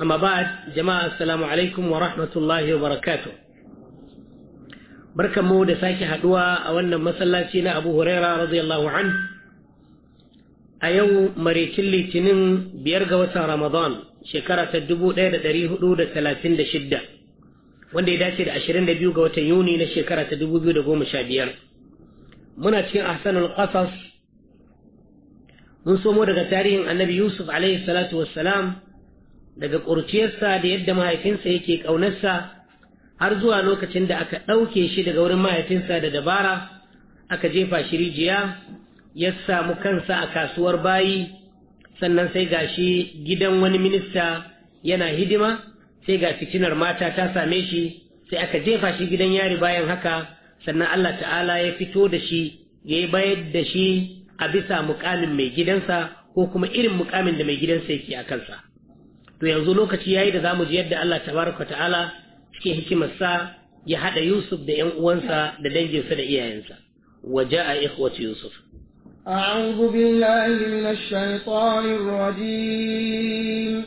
أما بعد جماعة السلام عليكم ورحمة الله وبركاته بركة مودة ساكي حدوى أولنا مسلاتينا أبو هريرة رضي الله عنه أيو مريتين لتنين بيرغة وسا رمضان شكرة الدبو ليلة دريه دودة ثلاثين شدة wanda ya dace da 22 ga watan Yuni na shekara ta 2015 muna cikin ahsanul qasas mun somo daga tarihin annabi Yusuf alaihi salatu wassalam daga ƙurciyarsa da yadda mahaifinsa yake ƙaunarsa har zuwa lokacin da aka ɗauke shi daga wurin mahaifinsa da dabara aka jefa shi rijiya ya samu kansa a kasuwar bayi sannan sai ga shi gidan wani minista yana hidima sai ga fitinar mata ta same shi sai aka jefa shi gidan yari bayan haka sannan Allah ta'ala ya fito da shi ya yi bayar da shi a bisa mukamin mai gidansa ko kuma irin mukamin da mai gidansa yake a kansa to yanzu lokaci yayi da zamu ji yadda Allah tabaraka ta'ala cikin hikimarsa ya hada Yusuf da ƴan uwansa da danginsa da iyayensa waja'a ikhwatu Yusuf أعوذ بالله من الشيطان الرجيم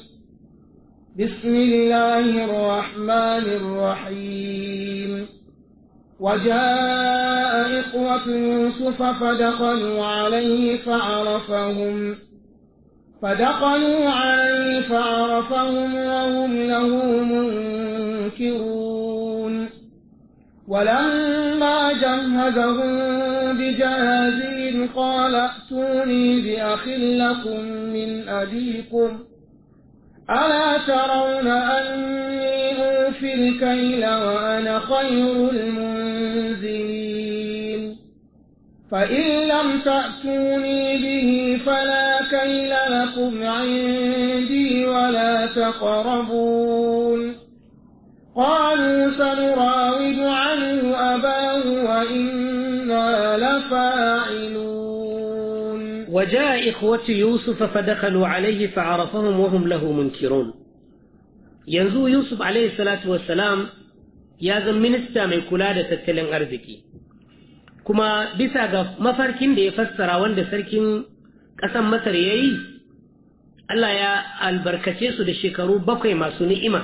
بسم الله الرحمن الرحيم وجاء إخوة يوسف فدخلوا عليه فعرفهم فدخلوا عليه فعرفهم وهم له منكرون ولما جهزهم بجهازهم قال ائتوني بأخ لكم من أبيكم ألا ترون أني أوفي الكيل وأنا خير المنزلين فإن لم تأتوني به فلا كيل لكم عندي ولا تقربون قالوا سنراود عنه أباه وإنا لفاعلون وجاء إخوة يوسف فدخلوا عليه فعرفهم وهم له منكرون ينزو يوسف عليه الصلاة والسلام يا زم من كلادة kula أرزكي kuma bisa ga mafarkin da ya fassara wanda sarkin ƙasan masar ya yi Allah ya albarkace su da shekaru bakwai masu ni'ima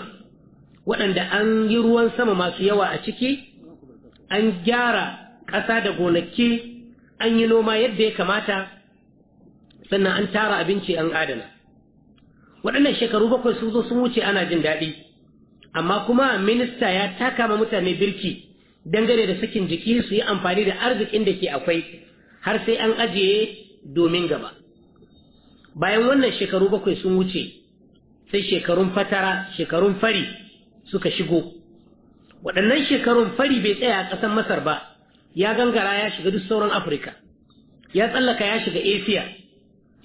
waɗanda an yi ruwan sama masu yawa a ciki an gyara ƙasa da gonaki an yi noma yadda ya kamata sannan an tara abinci an adana waɗannan shekaru bakwai sun zo sun wuce ana jin daɗi amma kuma minista ya taka ma mutane birki dangane da sakin jiki su yi amfani da arzikin da ke akwai har sai an ajiye domin gaba bayan wannan shekaru bakwai sun wuce sai shekarun fatara shekarun fari suka shigo waɗannan shekarun fari bai tsaya a ƙasar masar ba ya gangara ya shiga duk sauran afirka ya tsallaka ya shiga asia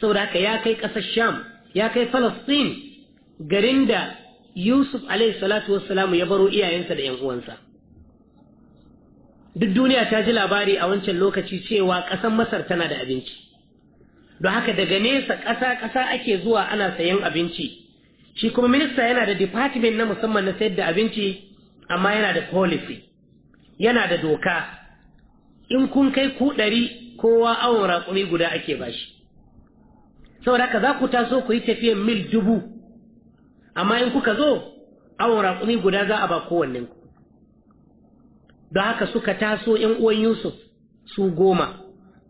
saboda haka ya kai ƙasar sham ya kai falastin garin da yusuf alayhis salatu ya baro iyayensa da 'yan uwansa duk duniya ta ji labari a wancan lokaci cewa ƙasar masar tana da abinci don haka daga nesa ƙasa ƙasa ake zuwa ana sayan abinci shi kuma minista yana da department na musamman na sayar da abinci amma yana da policy yana da doka in kun kai ku ɗari kowa awon raƙumi guda ake bashi saboda haka za ku taso ku yi tafiyar mil dubu amma in kuka zo awon raƙumi guda za a ba kowanninku. Da haka suka taso yan uwan Yusuf su goma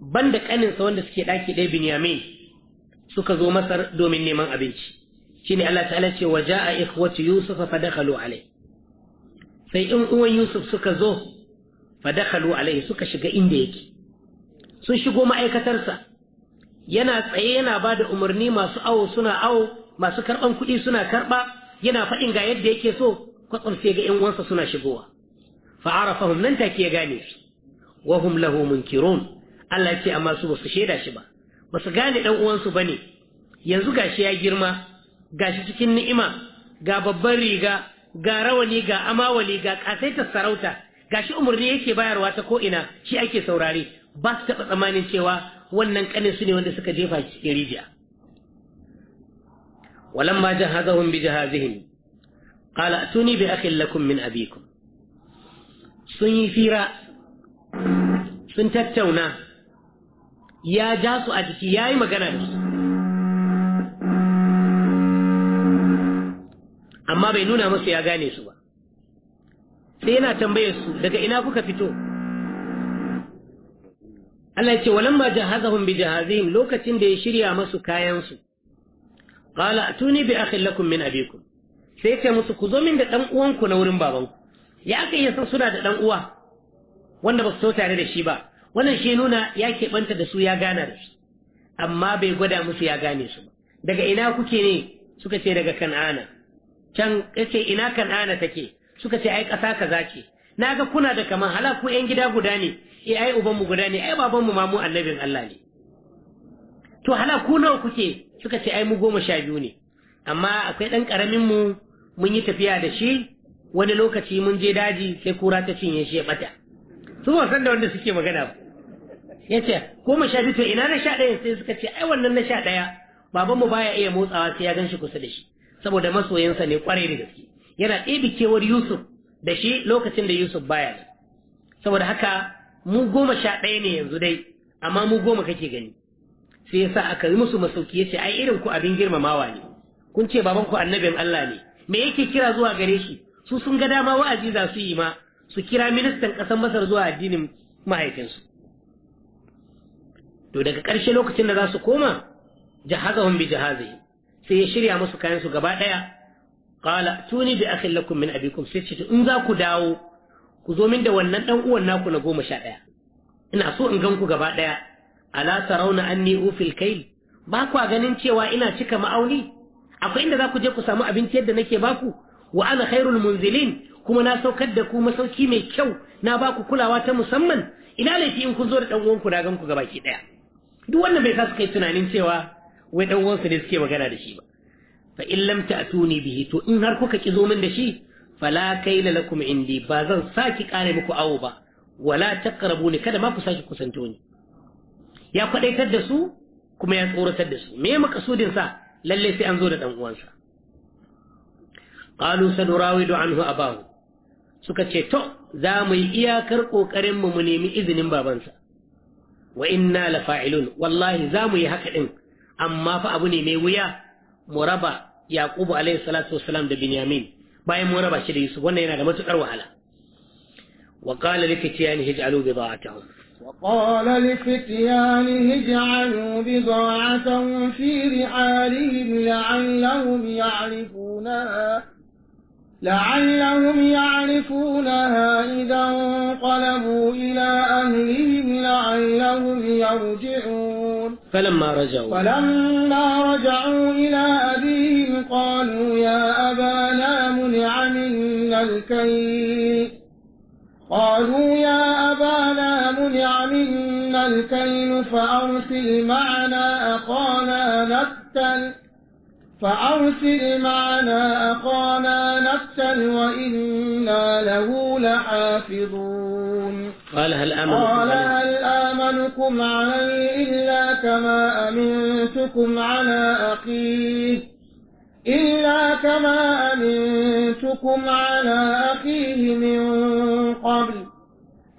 banda ƙaninsa wanda suke ɗaki ɗaya Binyamin suka zo Masar domin neman abinci shine Allah ta'ala ce wa ja'a ikhwatu Yusuf fa alai sai yan uwan Yusuf suka zo fa dakhalu alai suka shiga inda yake sun shigo ma'aikatarsa yana tsaye yana ba da umarni masu awo suna awo masu karɓan kuɗi suna karɓa yana faɗin ga yadda yake so kwatsam sai ga 'yan uwansa suna shigowa fa'arafahum nan take ya gane su wahum lahu munkirun Allah ya ce amma su basu sheda shi ba basu gane dan uwansu bane yanzu gashi ya girma gashi cikin ni'ima ga babban riga ga rawani ga amawali ga ƙasaita sarauta gashi umarni yake bayarwa ta ko ina shi ake saurare ba su taɓa tsamanin cewa wannan kanin su ne wanda suka jefa shi cikin rijiya walamma jahazahum bi jahazihim qala atuni bi akhin lakum min abikum sun yi fira sun tattauna ya ja su a jiki ya yi magana da su amma bai nuna masu ya gane su ba sai yana tambaye su daga ina kuka fito Allah ya ce walamma jahazahum bi jahazihim lokacin da ya shirya masu kayansu. su qala atuni bi akhin lakum min abikum sai ya ce musu ku zo min da dan uwanku na wurin babanku ya kai ya san suna da ɗan uwa wanda ba su so tare da shi ba wannan shi nuna ya keɓanta da su ya gana da su, amma bai gwada musu ya gane su ba daga ina kuke ne suka ce daga kan'ana can yace ina kan'ana take suka ce ai ƙasa ka kaza Na ga kuna da kaman hala ku yan gida guda ne e ai ubanmu guda ne ai babanmu ma mu annabin Allah ne to hala ku nawa kuke suka ce ai mu goma sha biyu ne amma akwai ɗan ƙaramin mu mun yi tafiya da shi wani lokaci mun je daji sai kura ta cinye shi ya bata su ba san da wanda suke magana ba ya ce ko mu sha ina na sha ɗaya sai suka ce ai wannan na sha ɗaya baban mu baya iya motsawa sai ya gan shi kusa da shi saboda masoyansa ne kwarai da gaske yana ɗebe kewar yusuf da shi lokacin da yusuf baya saboda haka mu goma sha ɗaya ne yanzu dai amma mu goma kake gani sai yasa aka yi musu masauki ya ce ai irin ku abin girmamawa ne kun ce babanku ku annabin Allah ne me yake kira zuwa gare shi su sun ga dama wa'azi za su yi ma su kira ministan ƙasar masar zuwa addinin mahaifinsu to daga ƙarshe lokacin da za su koma jahazahum bi jahazai sai ya shirya musu kayan su gaba ɗaya qala tuni bi akhin lakum min abikum sai ce in za ku dawo ku zo min da wannan dan uwan naku na goma sha ɗaya ina so in gan ku gaba ɗaya ala tarawna anni ufil kayl ba kwa ganin cewa ina cika ma'auni akwai inda za ku je ku samu abinci yadda nake baku wa ana khairul munzilin kuma na saukar da ku masauki mai kyau na ba ku kulawa ta musamman ina laifi in kun zo da dan uwanku na ganku gabaki ɗaya. duk wannan bai sa kai tunanin cewa wai dan uwansu ne suke magana da shi ba fa in lam ta'tuni bihi to in har kuka ki zo min da shi fala kaila lakum indi ba zan saki kare muku awo ba wala taqrabuni kada ma ku saki kusanto ni ya kwadaitar da su kuma ya tsoratar da su me makasudin sa lalle sai an zo da dan uwansa qalu sanurawidu anhu abahu suka ce to za mu yi iyakar kokarin mu mu nemi izinin babansa wa inna la fa'ilun wallahi za mu yi haka din amma fa abu ne mai wuya mu raba yaqubu alaihi salatu wassalam da binyamin bayan mu raba shi da yusuf wannan yana da matukar wahala وقال لفتيانه اجعلوا بضاعتهم وقال لفتيانه اجعلوا بضاعتهم في رحالهم لعلهم يعرفونها لعلهم يعرفونها إذا انقلبوا إلى أهلهم لعلهم يرجعون فلما رجعوا فلما رجعوا إلى أبيهم قالوا يا أبانا منع منا الكيل قالوا يا أبانا منع منا الكيل فأرسل معنا أخانا نكتل فأرسل معنا أخانا نقتل وإنا له لحافظون قال هل قال هل آمنكم علي إلا كما أمنتكم على أخيه إلا كما أمنتكم على أخيه من قبل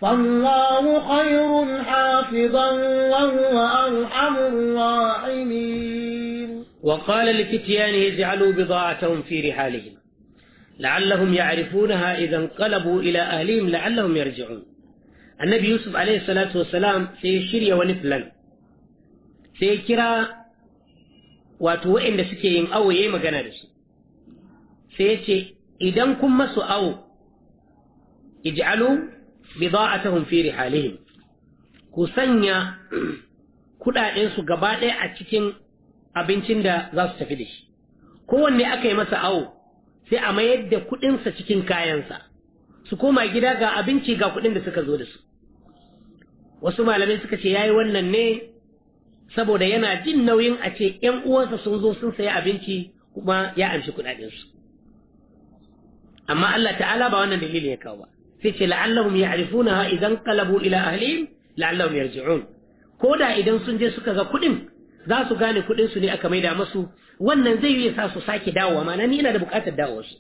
فالله خير حافظا وهو أرحم الراحمين وقال لفتيانه اجعلوا بضاعتهم في رحالهم لعلهم يعرفونها إذا انقلبوا إلى أهلهم لعلهم يرجعون النبي يوسف عليه الصلاة والسلام في شرية ونفلا في كرا واتوئن سكيهم أو يما جنرش في إذا كم مسوا أو اجعلوا بضاعتهم في رحالهم كسنيا كل إنس قبائل أتكن abincin da za su tafi da shi kowanne aka yi masa awo sai a mayar da kuɗinsa cikin kayansa su koma gida ga abinci ga kuɗin da suka zo da su wasu malamai suka ce ya yi wannan ne saboda yana jin nauyin a ce 'yan uwansa sun zo sun sayi abinci kuma ya amshi kuɗaɗensu amma Allah ta'ala ba wannan dalilin ya kawo ba sai ce la'allahum ya'rifunaha idan kalabu ila ahlihim la'allahum yarji'un ko da idan sun je suka ga kuɗin za su gane kuɗin su ne aka maida masu wannan zai yi sa su sake dawowa ma ni ina da buƙatar dawowa su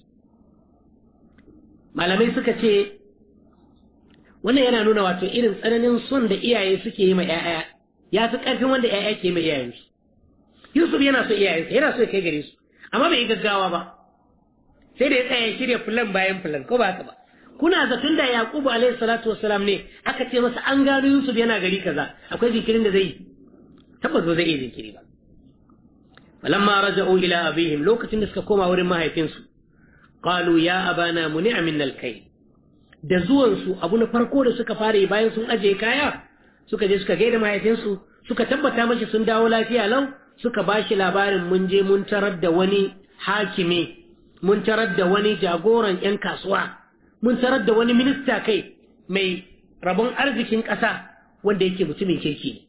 malamai suka ce wannan yana nuna wato irin tsananin son da iyaye suke yi ma 'ya'ya ya fi ƙarfin wanda 'ya'ya ke ma iyayensu yusuf yana so iyayensa yana so ya kai gare su amma bai yi gaggawa ba sai da ya tsaya ya shirya fulan bayan fulan ko ba ka ba kuna zaton da yaqubu alaihi salatu wasalam ne aka ce masa an gano yusuf yana gari kaza akwai jinkirin da zai yi tabbas ba zai iya jinkiri ba falamma raja'u ila abihim lokacin da suka koma wurin mahaifinsu qalu ya abana muni'a min al da zuwan su abu na farko da suka fara bayan sun aje kaya suka je suka gaida mahaifinsu suka tabbata mashi sun dawo lafiya lau suka bashi labarin mun je mun tarar da wani hakimi mun tarar da wani jagoran 'yan kasuwa mun tarar da wani minista kai mai rabon arzikin ƙasa wanda yake mutumin kirki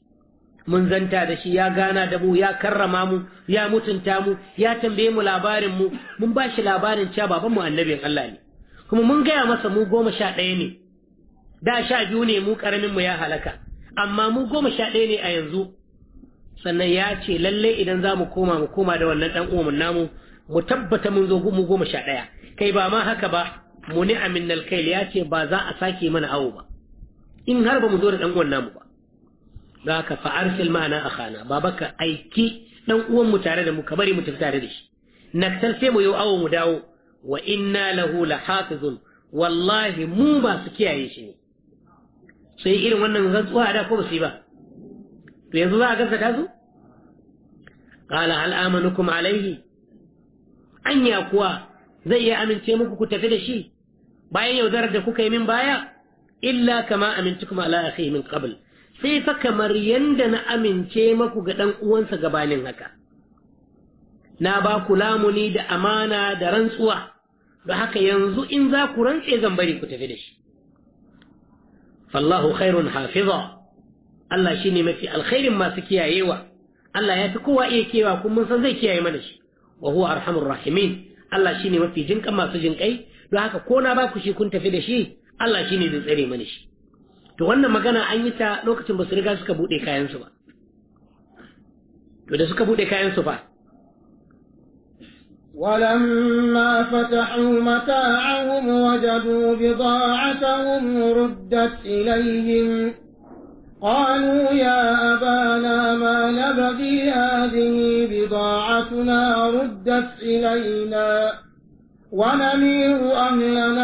mun zanta da shi ya gana da mu ya karrama mu ya mutunta mu ya tambaye mu labarin mu mun ba shi labarin cewa baban mu annabin Allah ne kuma mun gaya masa mu goma sha ɗaya ne da sha biyu ne mu karamin mu ya halaka amma mu goma sha ɗaya ne a yanzu sannan ya ce lalle idan za mu koma mu koma da wannan ɗan uwan namu mu tabbata mun zo mu goma sha ɗaya kai ba ma haka ba muni aminal kail ya ce ba za a sake mana awo ba in har ba mu zo da ɗan uwan namu ba da ka fa arsil ma'ana akhana babaka aiki dan uwan mu tare da mu ka bari mu tafi tare da shi naktal sai mu yi awo mu dawo wa inna lahu lahafizun wallahi mu ba su kiyaye shi ne sai irin wannan rantsuwa da ko ba su yi ba to yanzu za a gaskata su qala hal amanukum alaihi anya kuwa zai iya amince muku ku tafi da shi bayan yaudarar da kuka yi min baya illa kama amintukum ala akhi min qabl sai fa kamar yanda na amince maku ga ɗan uwansa gabanin haka na ba ku lamuni da amana da rantsuwa da haka yanzu in za ku rantse zan bari ku tafi da shi fallahu khairun hafiza Allah shi ne mafi alkhairin masu kiyayewa Allah ya fi kowa iya kewa kuma mun san zai kiyaye mana shi wa huwa arhamur rahimin Allah shine mafi jinkan masu jinkai don haka ko na ba ku shi kun tafi da shi Allah shi ne zai tsare mana shi to wannan magana an yi ta lokacin ba su riga suka buɗe kayansu ba to da suka buɗe kayansu fa ولما فتحوا متاعهم وجدوا بضاعتهم ردت إليهم قالوا يا أبانا ما نبغي هذه بضاعتنا ردت إلينا ونمير أهلنا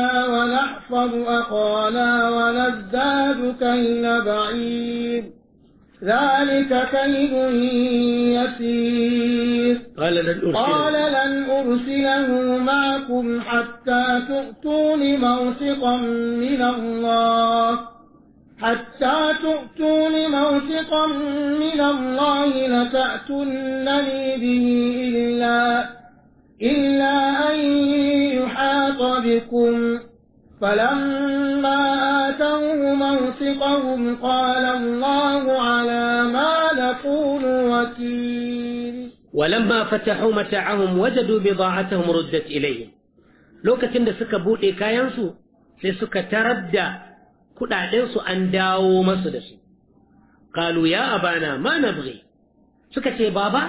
يحفظ أقالا ونزداد كيل بعيد ذلك كيد يسير قال لن, قال لن أرسله معكم حتى تؤتون موثقا من الله حتى تؤتون موثقا من الله لتأتنني به إلا إلا أن يحاط بكم فلما آتوه موثقهم قال الله على ما نقول وكيل ولما فتحوا متاعهم وجدوا بضاعتهم ردت إليهم lokacin da suka buɗe kayansu sai suka tarar da kuɗaɗensu an dawo masu da su. Kaluya a bana, ma na suka ce baba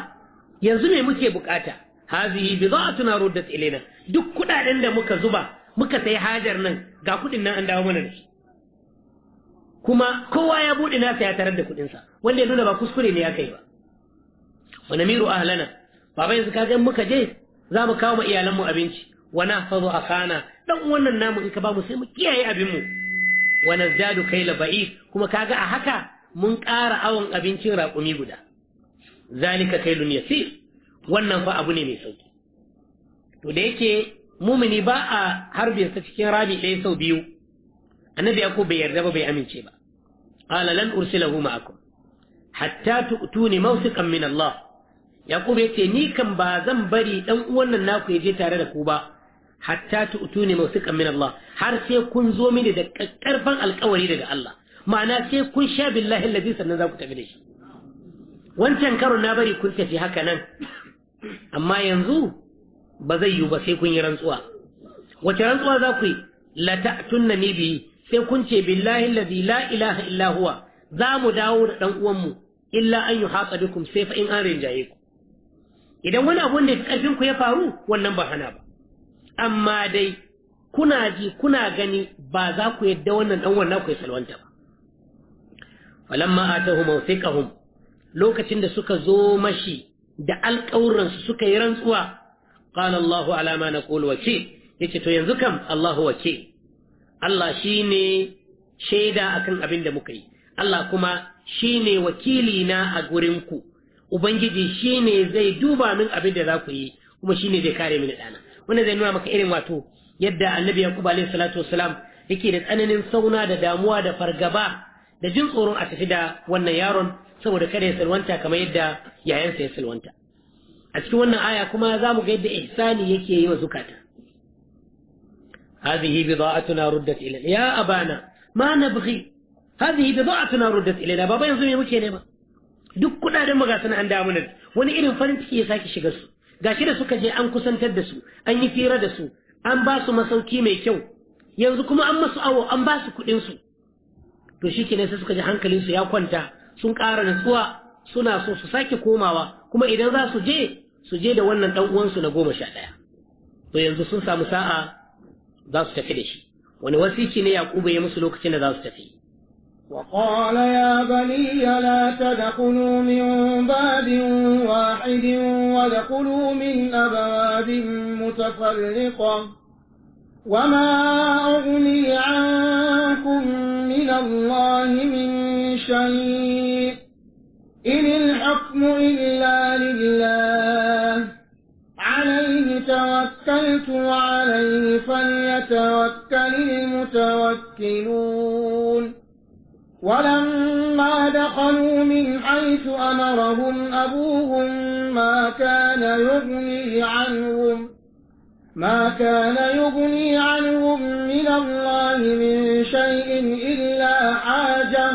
yanzu ne muke bukata hazihi bi za a tuna ruddat ilina duk kuɗaɗen da muka zuba muka sai hajar nan ga kuɗin nan an dawo mana da shi kuma kowa ya buɗe nasa ya tarar da kuɗinsa wanda ya nuna ba kuskure ne ya kai ba wa namiru ahlana baba yanzu ka ga muka je za mu kawo ma mu abinci wa a akana dan wannan namu in ka ba mu sai mu kiyaye abin mu wa nazdadu la ba'i kuma ka ga a haka mun ƙara awon abincin raƙumi guda zalika lun yasir wannan fa abu ne mai sauki to da yake mumini ba a harbe sa cikin rami ɗaya sau biyu annabi ya bai yarda ba bai amince ba qala lan ursilahu ma'akum hatta tu'tuni mawsiqan min Allah yaqub yace ni kan ba zan bari dan uwan nan naku ya je tare da ku ba hatta tu'tuni mawsiqan min Allah har sai kun zo mini da karfan alkawari daga Allah ma'ana sai kun sha billahi allazi sannan za ku tafi da shi wancan karo na bari kun tafi haka nan amma yanzu ba zai yiwu ba sai kun yi rantsuwa wace rantsuwa za ku yi la ta'tunna ni bi sai kun ce billahi allazi la ilaha illa huwa za mu dawo da dan uwan mu illa an yuhaqa bikum sai fa in an rinjaye ku idan wani abu ne karfin ku ya faru wannan ba hana ba amma dai kuna ji kuna gani ba za ku yadda wannan dan wannan ku ya salwanta ba falamma atahu mawthiqahum lokacin da suka zo mashi da alƙawuransu suka yi rantsuwa qala alama na ma naqul wakil yace to yanzu kam Allahu wakil Allah shine shaida akan abin da muka yi Allah kuma shine wakili na a gurin ku ubangiji shine zai duba min abin da za ku yi kuma shine zai kare min dana wannan zai nuna maka irin wato yadda annabi yaqub alaihi salatu wassalam yake da tsananin sauna da damuwa da fargaba da jin tsoron a tafi da wannan yaron saboda kada ya salwanta kamar yadda yayansa ya salwanta a cikin wannan aya kuma za mu ga yadda ihsani yake yi wa zukata hadhihi bida'atuna ruddat ilayna ya abana ma nabghi hadhihi bida'atuna ruddat ilayna baba yanzu me muke nema duk kudaden mu ga sun an wani irin farin ciki ya saki shiga su gashi da suka je an kusantar da su an yi fira da su an ba su masauki mai kyau yanzu kuma an masu awo an ba su kuɗin su to shikenan sai suka ji hankalin su ya kwanta sun ƙara nutsuwa suna so su sake komawa kuma idan za su je su je da wannan dan uwansu na goma sha ɗaya to yanzu sun samu sa'a za su tafi da shi wani wasiki ne yaƙuba ya musu lokacin da za su tafi وقال يا بني لا تدخلوا من باب واحد وادخلوا من أبواب متفرقة وما أغني عنكم من الله من شيء إن الحكم إلا لله توكلت عليه فليتوكل المتوكلون ولما دخلوا من حيث أمرهم أبوهم ما كان يغني عنهم ما كان يغني عنهم من الله من شيء إلا حاجة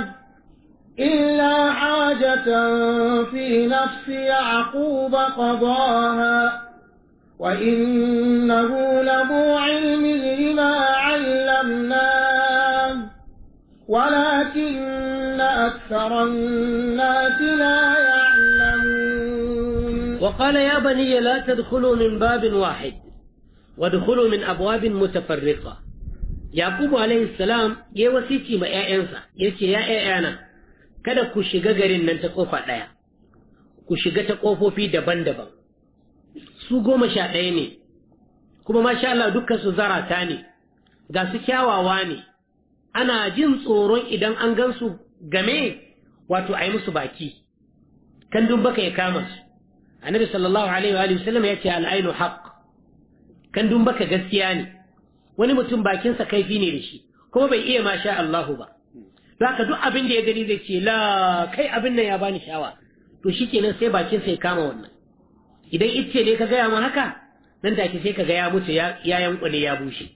إلا حاجة في نفس يعقوب قضاها وإنه لذو علم لما علمناه ولكن أكثر الناس لا يعلمون وقال يا بني لا تدخلوا من باب واحد وادخلوا من أبواب متفرقة يعقوب عليه السلام يا وسيتي ما يأنسى يا أنا kada ku shiga garin nan ta kofa ɗaya, ku shiga ta ƙofofi daban-daban, su goma sha ɗaya ne kuma masha Allah dukkan su zarata ne ga su kyawawa ne ana jin tsoron idan an gansu game wato a yi musu baki dun baka ya kama su annabi sallallahu alaihi wa sallam ya ce al'ainu kan kandun baka gaskiya ne wani mutum bakinsa kaifi ne da shi kuma bai iya masha Allahu ba zaka duk abin da ya gani zai ce la kai abin nan ya bani shawa to shikenan sai bakinsa ya kama wannan idan icce ne ka gaya ma haka nan take sai ka ga ya mutu ya ya bushe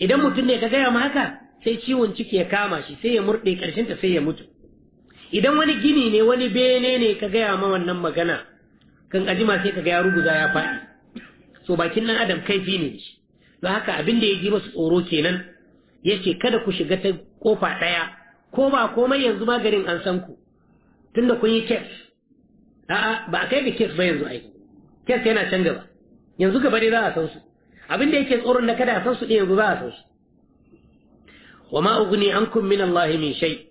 idan mutum ne ka gaya ma haka sai ciwon ciki ya kama shi sai ya murɗe ƙarshen ta sai ya mutu idan wani gini ne wani bene ne ka gaya ma wannan magana kan ajima sai ka gaya ruguza ya faɗi so bakin nan adam kaifi ne shi don haka abin da ya ji masu tsoro kenan yace kada ku shiga ta kofa ɗaya ko ba komai yanzu maganin an san ku tunda kun yi kes a'a ba a kai da kes ba yanzu aiki kes yana can gaba yanzu gaba ne za a san su abin da yake tsoron da kada a san su ɗaya yanzu za a san su wa ma ugni ankum min Allah min shay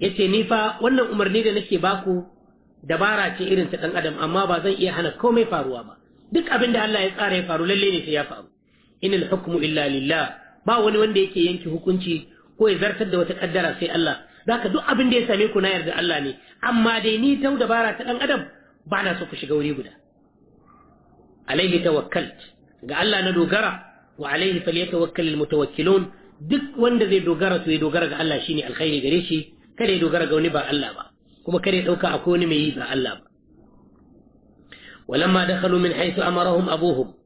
yace ni fa wannan umarni da nake baku dabara ce irin ta dan adam amma ba zan iya hana komai faruwa ba duk abin da Allah ya tsara ya faru lalle ne sai ya faru inal hukmu illa lillah ba wani wanda yake yanke hukunci ko ya zartar da wata kaddara sai Allah zaka duk abin da ya same ku na yarda Allah ne amma dai ni tau dabara ta dan adam ba na so ku shiga wuri guda alaihi tawakkalt ga Allah na dogara wa alaihi falyatawakkalul mutawakkilun duk wanda zai dogara to ya dogara ga Allah shine alkhairi gare shi kada ya dogara ga wani ba Allah ba kuma kada ya dauka akwai wani mai yi ba Allah ba walamma dakhalu min haythu amarahum abuhum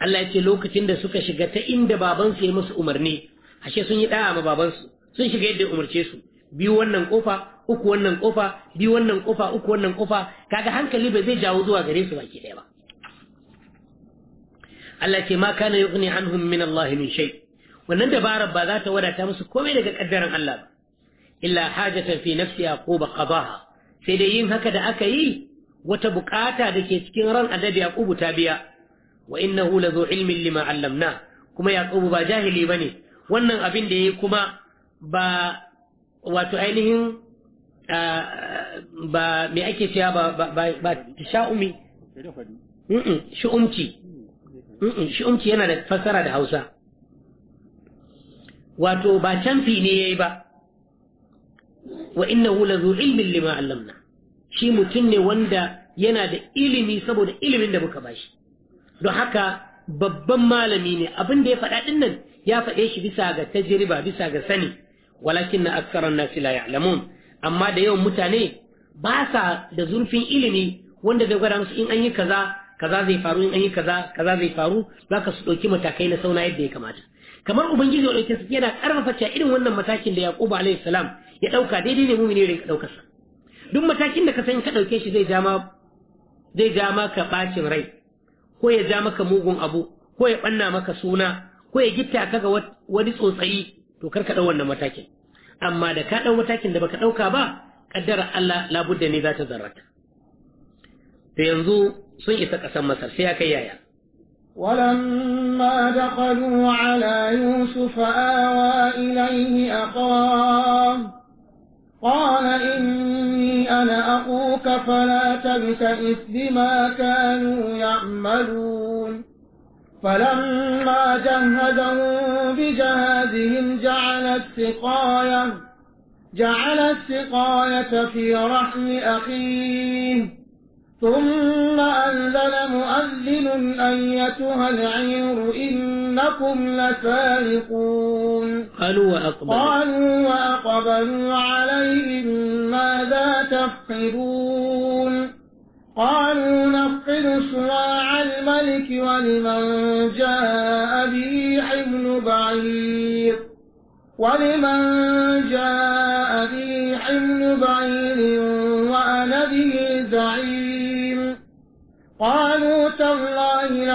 Allah ya ce lokacin da suka shiga ta inda babansu ya musu umarni ashe sun yi da'a ma babansu sun shiga yadda umarce su biyu wannan kofa uku wannan kofa biyu wannan kofa uku wannan kofa kaga hankali ba zai jawo zuwa gare su baki ɗaya ba Allah ce ma kana yughni anhum min Allah min shay wannan dabarar ba za ta wadata musu komai daga kaddaran Allah ba illa hajatan fi nafsi yaquba qadaha sai dai yin haka da aka yi wata bukata da ke cikin ran annabi yaqubu ta biya wa innahu lazu ilmin lima allamna kuma yaqubu ba jahili bane wannan abin da yayi kuma ba wato ainihin ba me ake cewa ba ba ba sha'umi shu'umci shi umki yana da fassara da hausa wato ba canfi ne ya yi ba wa innahu la zu ilmin lima allamna shi mutum ne wanda yana da ilimi saboda ilimin da muka bashi don haka babban malami ne abin da ya faɗa ɗin nan ya faɗe shi bisa ga tajiriba bisa ga sani walakin na aksaran nasi la ya'lamun amma da yawan mutane ba sa da zurfin ilimi wanda zai gwada musu in an yi kaza kaza zai faru in an yi kaza kaza zai faru zaka su dauki matakai na sauna yadda ya kamata kamar ubangiji wadauke su yana karfafa cewa irin wannan matakin da Yakubu alayhi salam ya dauka daidai ne mumini ne ka daukar sa duk matakin da ka san ka dauke shi zai ja ma zai ja maka bacin rai ko ya ja maka mugun abu ko ya ɓanna maka suna ko ya gitta ka ga wani tsotsayi to kar ka dau wannan matakin amma da ka ɗau matakin da baka ɗauka ba kaddara Allah labudda ne za ta zarrata to yanzu sun isa ƙasan masar sai aka yaya ولما دخلوا على يوسف آوى إليه أخاه قال إني أنا أخوك فلا تبتئس بما كانوا يعملون فلما جهدهم بجهادهم جعل السقاية جعل السقاية في رحم أخيه ثم أذن مؤذن أيتها العير إنكم لسارقون قالوا وأقبلوا, قالوا وأقبلوا عليهم ماذا تفقدون قالوا نفقد صواع الملك ولمن جاء به حمل بعير ولمن جاء به حمل بعير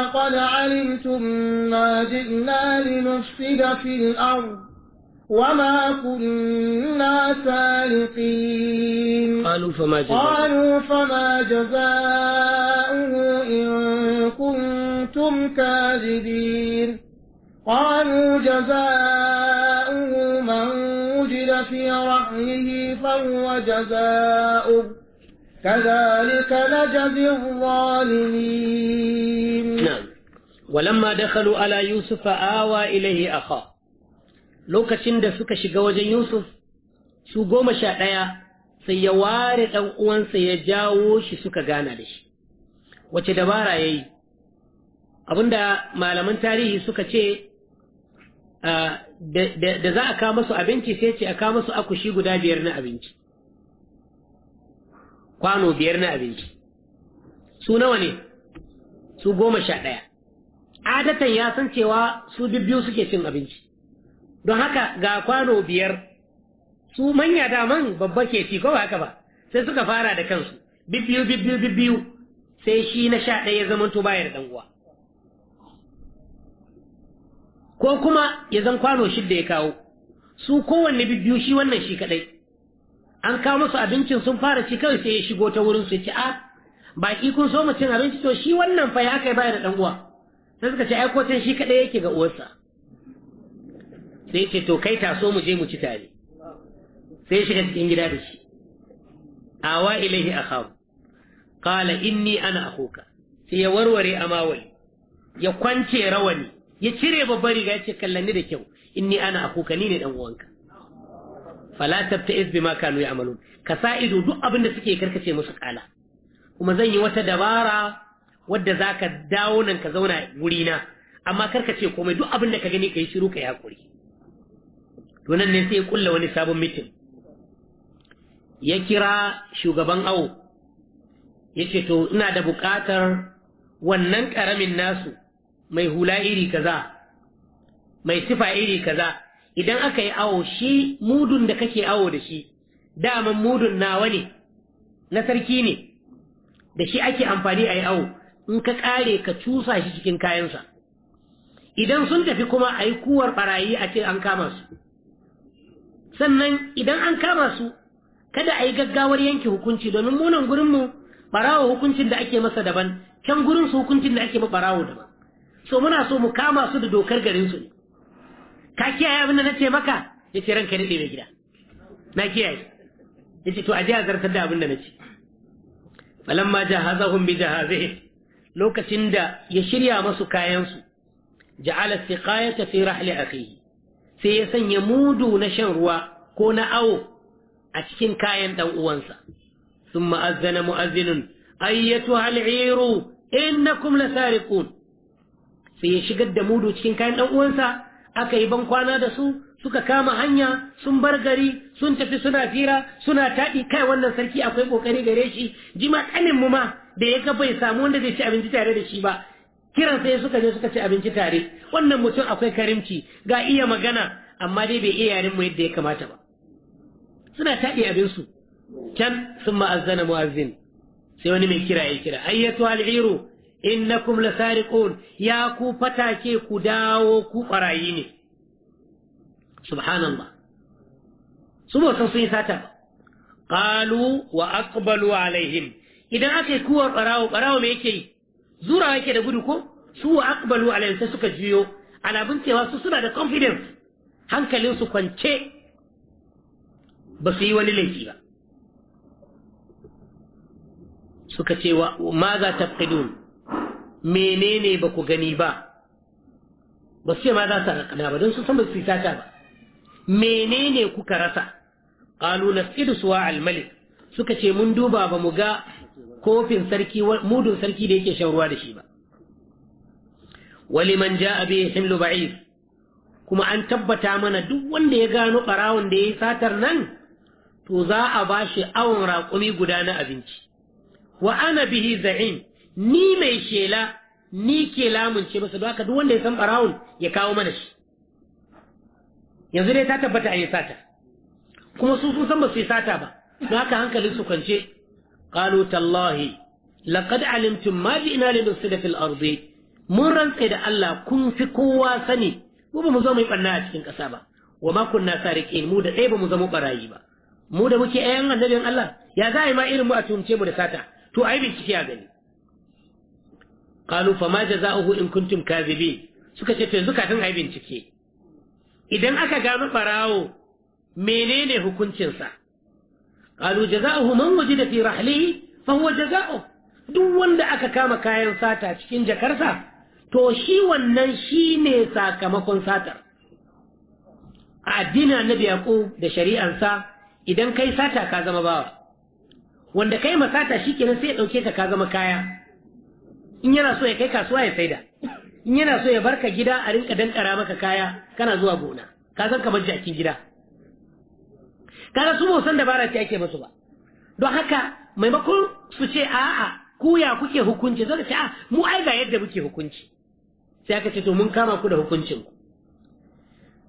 لقد علمتم ما جئنا لنفسد في الأرض وما كنا سالقين قالوا فما قالوا فما جزاؤه إن كنتم كاذبين قالوا جزاؤه من وجد في رحمه فهو جزاؤه كذلك نجزي الظالمين walamma dakhalu ala yusuf awa ilaihi akha lokacin da suka shiga wajen yusuf su goma sha ɗaya sai ya ware ɗan uwansa ya jawo shi suka gana da shi wace dabara ya yi abinda malaman tarihi suka ce da za a kawo masu abinci sai ce a kawo aku akushi guda biyar na abinci kwano biyar na abinci su nawa ne su goma sha ɗaya adatan ya san cewa su bibbiyu suke cin abinci don haka ga kwano biyar su manya daman babba ke ci ko haka ba sai suka fara da kansu bibbiyu bibbiyu bibbiyu sai shi na sha ɗaya ya to bayar dan uwa ko kuma ya zan kwano shidda ya kawo su kowanne bibbiyu shi wannan shi kaɗai an kawo musu abincin sun fara ci kawai sai ya shigo ta wurin su ci a ah, baki kun so mu cin abinci to shi wannan fa ya kai bayar da dan uwa sai suka ce ai ko shi kadai yake ga uwarsa sai ce to kai taso mu je mu ci tare sai shiga cikin gida da shi awa ilaihi akhahu qala inni ana akhuka sai ya warware amawai ya kwance rawani ya cire babbar riga ya ce kallani da kyau inni ana akuka ni ne dan uwanka fala tabta'iz bima kanu ya'malun ka sa ido duk abinda da suke karkace musu kala kuma zan yi wata dabara wadda za ka dawo nan ka zauna wurina amma kar ka ce komai duk abin da ka gani ka yi shiru ka yi hakuri to nan ne sai kulla wani sabon mitin ya kira shugaban awo ya ce to ina da buƙatar wannan karamin nasu mai hula iri kaza mai sifa iri kaza idan aka yi awo shi mudun da kake awo da shi daman mudun nawa ne na sarki ne da shi ake amfani a yi awo in ka kare ka cusa shi cikin kayansa idan sun tafi kuma a yi kuwar barayi a ce an kama su sannan idan an kama su kada a yi gaggawar yanke hukunci domin munan gurinmu barawo hukuncin da ake masa daban can gurin su hukuncin da ake ma barawo daban so muna so mu kama su da dokar garin su ka kiyaye abin da nace maka yace ranka dade mai gida na kiyaye yace to a je zartar da abin da nace falamma jahazahum bi jahazihim lokacin da ya shirya masu kayansu ja'ala ta fi rahli akhi sai ya sanya mudu na shan ruwa ko na awo a cikin kayan dan uwansa thumma azana mu'azzinun ayyatu al'iru innakum lasariqun sai ya shigar da mudu cikin kayan dan uwansa aka yi ban kwana da su suka kama hanya sun bar gari sun tafi suna fira suna taɗi kai wannan sarki akwai ƙoƙari gare shi jima ƙanin mu ma da ya ga bai samu wanda zai ci abinci tare da shi ba kiran sai suka je suka ci abinci tare wannan mutum akwai karimci ga iya magana amma dai bai iya yarin mu yadda ya kamata ba suna taɗi abinsu can sun ma'azzana mu'azzin sai wani mai kira ya kira ayyatu al'iru innakum lasariqun ya ku fatake ku dawo ku ƙwarayi ne subhanallah su ba sun yi sata qalu wa aqbalu alaihim idan aka yi kuwar barawo barawo me yake yi zura yake da gudu ko su wa aqbalu alayhi sai suka jiyo alabun cewa su suna da confidence hankalin su kwance ba su yi wani laifi ba suka ce wa ma za tafqidun menene ba ku gani ba ba su ce ma za su rakana ba don su san ba su yi ba menene kuka rasa qalu nafqidu suwa almalik. suka ce mun duba ba mu ga kofin sarki mudun sarki da yake shan da shi ba man ja'a bi himlu ba'ir kuma an tabbata mana duk wanda ya gano barawon da yayi satar nan to za a bashi awon raƙumi guda na abinci wa ana bihi za'im ni mai shela ni ke lamunce masa don haka duk wanda ya san barawon ya kawo mana shi yanzu dai ta tabbata an yi sata kuma su sun san ba su yi sata ba don haka hankalin su kwance قالوا تالله لقد علمتم ما جئنا لنفسد في الأرض mun rantse da Allah kun fi kowa sani mu ba mu zo mu yi barna a cikin ƙasa ba wa ma kunna sariqin mu da ɗaya ba mu zama barayi ba mu da muke ayan annabin Allah ya za yi ma irin mu a tumce mu da sata to ai bincike a gani qalu fa ma jazaohu in kuntum kadhibin suka ce to yanzu kafin ai bincike idan aka gano barawo menene hukuncinsa قالوا جزاؤه من وجد في رحله فهو جزاؤه duk wanda aka kama kayan sata cikin jakarsa to shi wannan shi ne sakamakon satar a addinin annabi yaqub da shari'ansa idan kai sata ka zama bawa wanda kai ma sata shi kenan sai ya ɗauke ka ka zama kaya in yana so ya kai kasuwa ya saida in yana so ya barka gida a rinka dankara maka kaya kana zuwa gona ka zan kamar jakin gida kaga su ba san dabara ta ake musu ba don haka maimakon su ce a'a ku ya kuke hukunci zaka ce a mu ai ga yadda muke hukunci sai aka ce to mun kama ku da hukuncin ku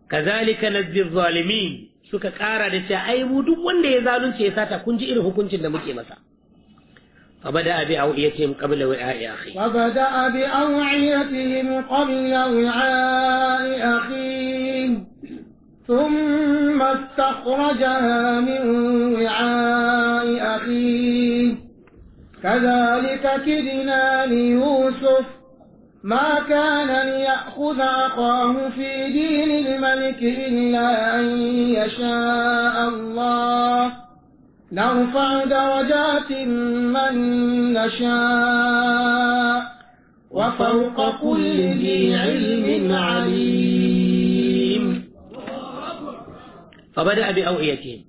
kazalika nazzi zalimin suka kara da cewa ai mu duk wanda ya zalunce ya sata kun ji irin hukuncin da muke masa فبدأ بأوعيتهم قبل وعاء أخيه فبدأ بأوعيتهم قبل وعاء أخيه ثم استخرجها من وعاء أخيه كذلك كدنا ليوسف ما كان ليأخذ أخاه في دين الملك إلا أن يشاء الله نرفع درجات من نشاء وفوق كل ذي علم عليم fa bada abi awiyatihim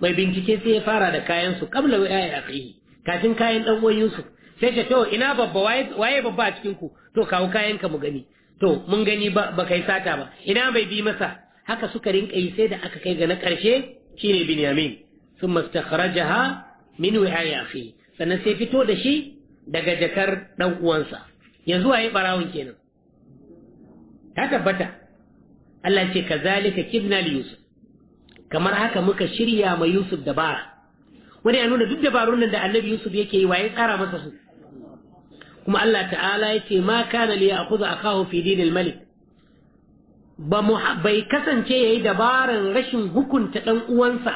mai bincike sai ya fara da kayan su qabla wa'i akhihi kafin kayan dan uwan Yusuf sai ta to ina babba waye babba a cikin ku to kawo kayan ka mu gani to mun gani ba kai sata ba ina bai bi masa haka suka rinka yi sai da aka kai ga na karshe shine Binyamin sun mastakharajaha min wa'i akhihi sannan sai fito da shi daga jakar dan yanzu waye barawun kenan ta tabbata Allah ce kazalika kibna li Yusuf kamar haka muka shirya ma Yusuf dabara wani ya nuna duk dabarun nan da annabi Yusuf yake yi waye tsara masa su kuma Allah ta'ala ya ce ma kana li ya'khudha akahu fi dinil malik ba bai kasance yayi dabaran rashin hukunta dan uwansa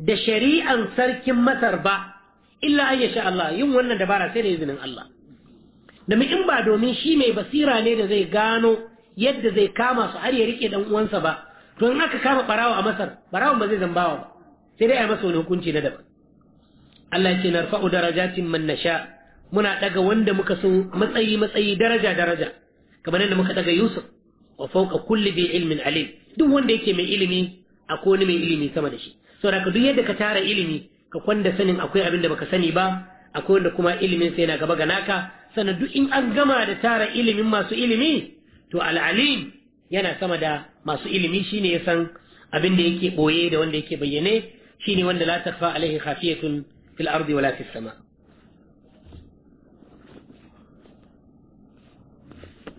da shari'an sarkin Masar ba illa an yasha Allah yin wannan dabara sai da izinin Allah domin in ba domin shi mai basira ne da zai gano yadda zai kama su har ya rike dan uwansa ba to in aka kama barawo a masar barawon ba zai zambawa ba sai dai a masa wani hukunci na daban Allah ya ce narfa'u darajatin man nasha muna daga wanda muka so matsayi matsayi daraja daraja kamar yadda muka daga Yusuf wa fawqa kulli bi ilmin alim duk wanda yake mai ilimi akwai wani mai ilimi sama da shi saboda duk yadda ka tara ilimi ka kwanda sanin akwai abin da baka sani ba akwai wanda kuma ilimin sai yana gaba ga naka sannan duk in an gama da tara ilimin masu ilimi to al'alim yana sama da masu ilimi shine ya san abin da yake boye da wanda yake bayyane shine wanda la takfa alaihi khafiyatun fil ardi wala fis sama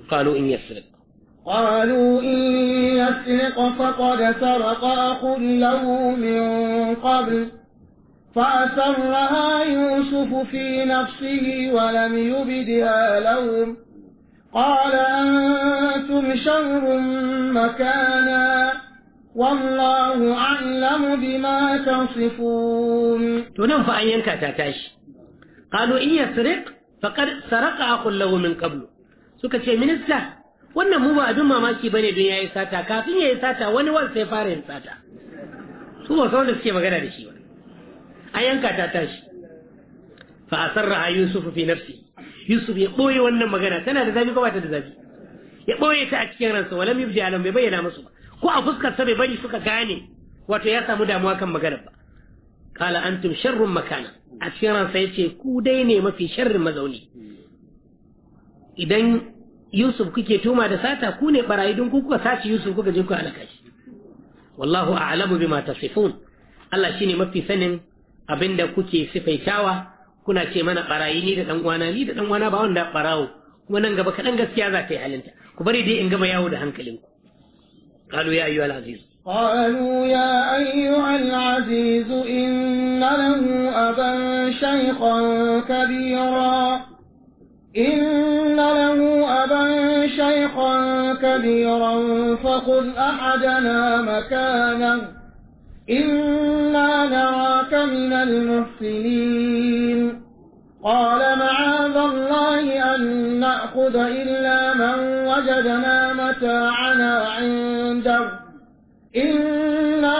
قالوا إن يسرق قالوا إن يسرق فقد سرق أخ له من قبل فأسرها يوسف في نفسه ولم يبدها لهم قال أنتم شر مكانا والله أعلم بما تصفون تنفع أن ينكا تاتاش قالوا إن يسرق فقد سرق أخ له من قبل سكتشي من السهل wannan mu ba abin mamaki ba ne don yayi sata kafin yayi sata wani wani sai fara yin sata su ba wanda suke magana da shi ba a yanka ta tashi fa asarra a yusuf fi nafsi yusuf ya ɓoye wannan magana tana da zafi ko ba ta da zafi ya ɓoye ta a cikin ransa walam yubdi alam bai bayyana musu ba ko a fuskar sa bai bari suka gane wato ya samu damuwa kan magana ba kala antum sharrun makana a cikin ransa yace ku dai ne mafi sharrin mazauni idan yusuf kuke tuma da sata ku ne barayi don ku kuka sace yusuf kuka je ku halaka shi wallahu a'lamu bima tasifun Allah shine mafi sanin abinda kuke sifaitawa kuna ce mana barayi ni da dan uwana ni da dan uwana ba wanda barawo kuma nan gaba kadan gaskiya za ta yi halinta ku bari dai in gama yawo da hankalinku قالوا يا أيها العزيز قالوا يا أيها العزيز إن له أبا شيخا كبيرا إن له أبا شيخا كبيرا فخذ أحدنا مكانه إنا نراك من المحسنين قال معاذ الله أن نأخذ إلا من وجدنا متاعنا عنده إنا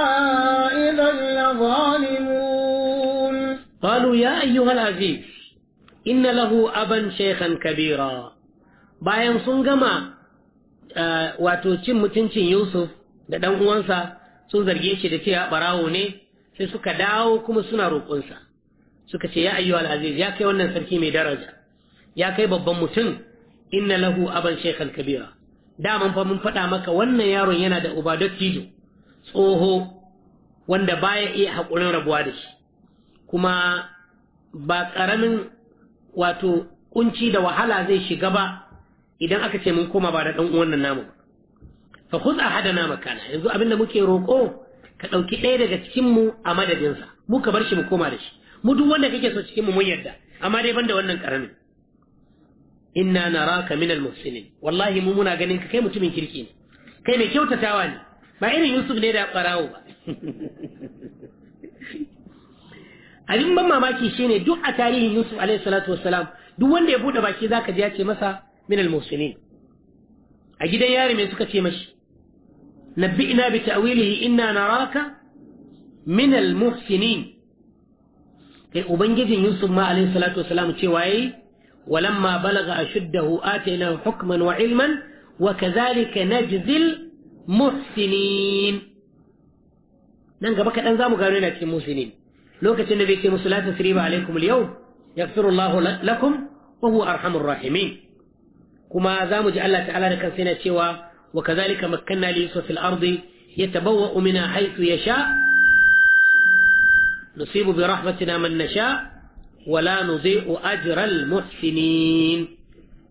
إذا لظالمون قالوا يا أيها العزيز إن له أبا شيخا كبيرا bayan sun gama wato cin mutuncin Yusuf da ɗan uwansa sun zarge shi da cewa ɓarawo ne sai suka dawo kuma suna roƙonsa suka ce ya ayyu al-aziz ya kai wannan sarki mai daraja ya kai babban mutum inna lahu aban shaykhan kabira daman fa mun faɗa maka wannan yaron yana da uba dattijo tsoho wanda baya iya haƙurin rabuwa da shi kuma ba ƙaramin wato kunci da wahala zai shiga ba idan aka ce mun koma ba da ɗan uwan namu ba fa khudh ahadana makana yanzu abinda muke roko ka ɗauki ɗaya daga cikin mu a madadinsa mu ka bar shi mu koma da shi mu duk wanda kake so cikin mu mun yarda amma dai banda wannan karamin inna naraka minal muhsinin wallahi mu muna ganin ka kai mutumin kirki ne kai mai kyautatawa ne ba irin Yusuf ne da barawo ba abin ban mamaki shine duk a tarihin Yusuf alaihi salatu wassalam duk wanda ya bude baki zaka ji ya ce masa minal muhsinin a gidan yari mai suka ce mashi nabbi'na bi ta'wilihi inna naraka minal muhsinin kai ubangijin yusuf ma alaihi salatu wasalam cewa yayi walamma balaga ashuddahu atayna hukman wa ilman wa kadhalika najzil muhsinin nan gaba kaɗan za mu gano yana cikin muhsinin lokacin da bai ce musu la tasriba alaikum al-yawm yaghfiru Allahu lakum wa huwa arhamur rahimin kuma za mu ji Allah ta'ala da kansa yana cewa wa kadhalika makkanna li yusuf fil ardi yatabawwa'u minha haythu yasha' نصيب برحمتنا من نشاء ولا نضيء أجر المحسنين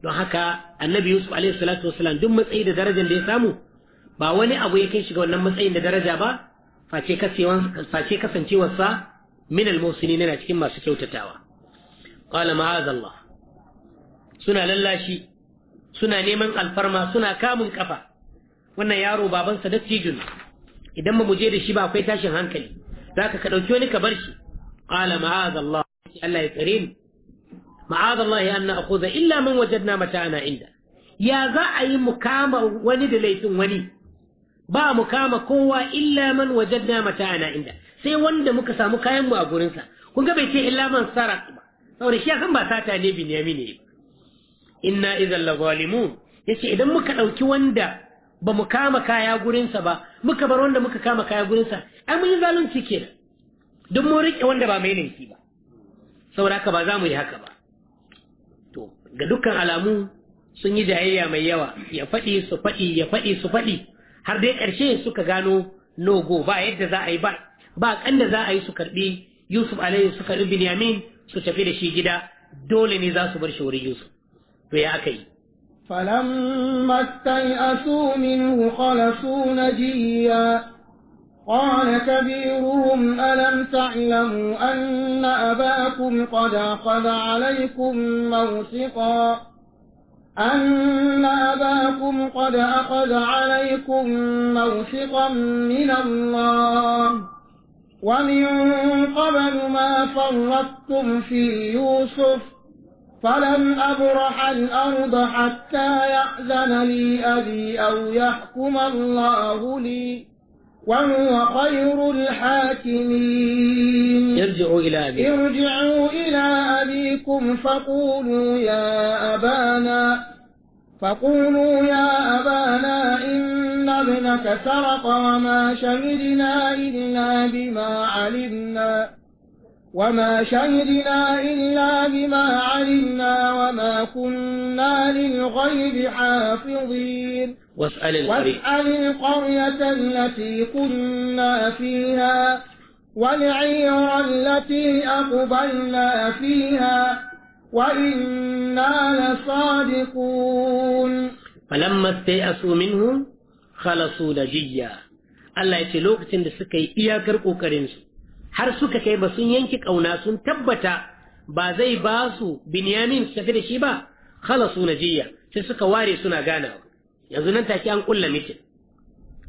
don haka annabi yusuf alaihi duk matsayi da darajar da ya samu ba wani abu ya kai shiga ga wannan matsayin da daraja ba face kasancewarsa min almusini yana cikin masu kyautatawa qala ma'az suna lallashi suna neman alfarma suna kamun kafa wannan yaro babansa dattijun idan ba muje da shi ba akwai tashin hankali zaka ka dauki wani ka bar shi qala ma'az Allah Allah ya tsare ni ma'az Allah an na'khudha illa man wajadna mata'ana inda ya za a yi mukama wani da laifin wani ba mukama kowa illa man wajadna mata'ana inda sai wanda muka samu kayan mu a gurinsa kun ga bai ce illa man sarak ba saboda shi kan ba sata ne binyami ne inna idan la zalimun yace idan muka dauki wanda ba mu kama kaya gurinsa ba muka bar wanda muka kama kaya gurinsa ai mun yi zalunci kenan duk mun rike wanda ba mai laifi ba saboda haka ba za mu yi haka ba to ga dukkan alamu sun yi jayayya mai yawa ya faɗi su faɗi ya faɗi su faɗi har dai ƙarshe suka gano no ba yadda za a yi ba ba kan da za a yi su karɓi yusuf alaihi su karɓi binyamin su tafi da shi gida dole ne za su bar shi wurin yusuf to ya aka yi فلما استيئسوا منه خلصوا نجيا قال كبيرهم ألم تعلموا أن أباكم قد أخذ عليكم موثقا أن أباكم قد أخذ عليكم موثقا من الله ومن قبل ما فرطتم في يوسف فلم أبرح الأرض حتى يأذن لي أبي أو يحكم الله لي وهو خير الحاكمين ارجعوا إلى أبيكم ارجعوا إلى أبيكم فقولوا يا أبانا فقولوا يا أبانا إن ابنك سرق وما شهدنا إلا بما علمنا وما شهدنا إلا بما علمنا وما كنا للغيب حافظين واسأل القرية, واسأل القرية التي كنا فيها والعير التي أقبلنا فيها وإنا لصادقون فلما استيأسوا منهم خلصوا نجيا الله يتلوك تندسكي إياكر أكرنسو har suka kai ba sun yanki ƙauna sun tabbata ba zai ba su binyamin su tafi da shi ba khalasu jiya sai suka ware suna ganawa yanzu nan take an kulla mitin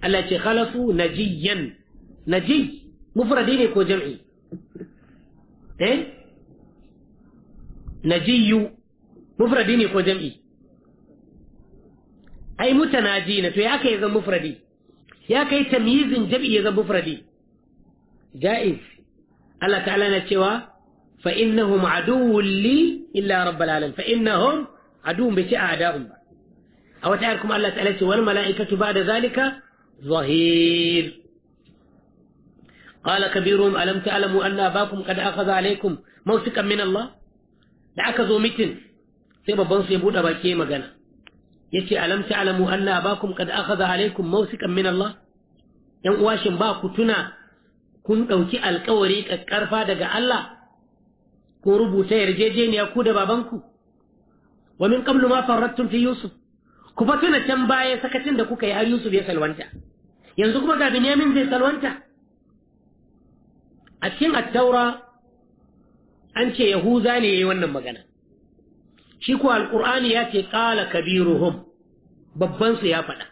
Allah ce khalasu najiyan najiy mufradi ne ko jam'i eh najiyu mufradi ne ko jam'i ai mutanaji na to ya kai zan mufradi ya kai tamyizin jam'i ya zan mufradi ja'iz الله تعالى نتشوى فإنهم عدو لي إلا رب العالمين فإنهم عدو بشيء أعداؤهم أو تعالكم الله تعالى والملائكة بعد ذلك ظهير قال كبيرهم ألم تعلموا أن أباكم قد أخذ عليكم موثقا من الله دعك متن سيبا بنص يبود أبا كيما قال يشي ألم تعلموا أن أباكم قد أخذ عليكم موثقا من الله ينواشن باكو تنا kun ɗauki alkawari ƙarfa daga Allah ko rubuta yarjejeniya ku da babanku wa min qablu ma fi yusuf ku fa can baya sakacin da kuka yi har yusuf ya salwanta yanzu kuma ga binyamin zai salwanta a cikin attaura an ce yahuza ne yayi wannan magana shi ko alqur'ani ya ce qala kabiruhum babban su ya faɗa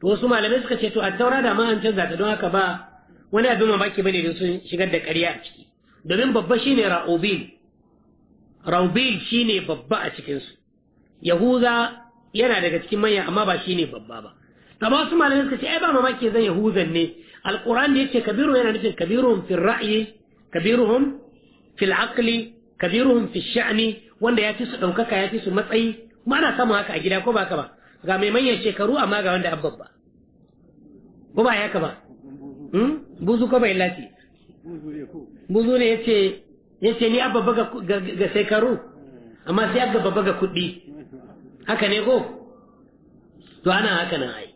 to wasu malamai suka ce to attaura da ma an canza ta don haka ba wani abin mamaki bane da sun shigar da ƙarya a ciki domin babba shine ra'ubil ra'ubil shine babba a cikin su yahuza yana daga cikin manya amma ba shine babba ba amma su malamai suka ce ai ba mamaki zan yahuzan ne alquran da ce kabiru yana nufin kabiruhum fil ra'yi kabiruhum fil aqli kabiruhum fil sha'ni wanda ya fi su ɗaukaka ya fi su matsayi kuma ana samun haka a gida ko ba haka ba ga mai manyan shekaru amma ga wanda an babba ko ba haka ba Hmm? buzu ko bai lati buzu ne yace yace ni abba baga ga sai karu amma sai abba baga kuɗi haka ne ko to ana haka nan ai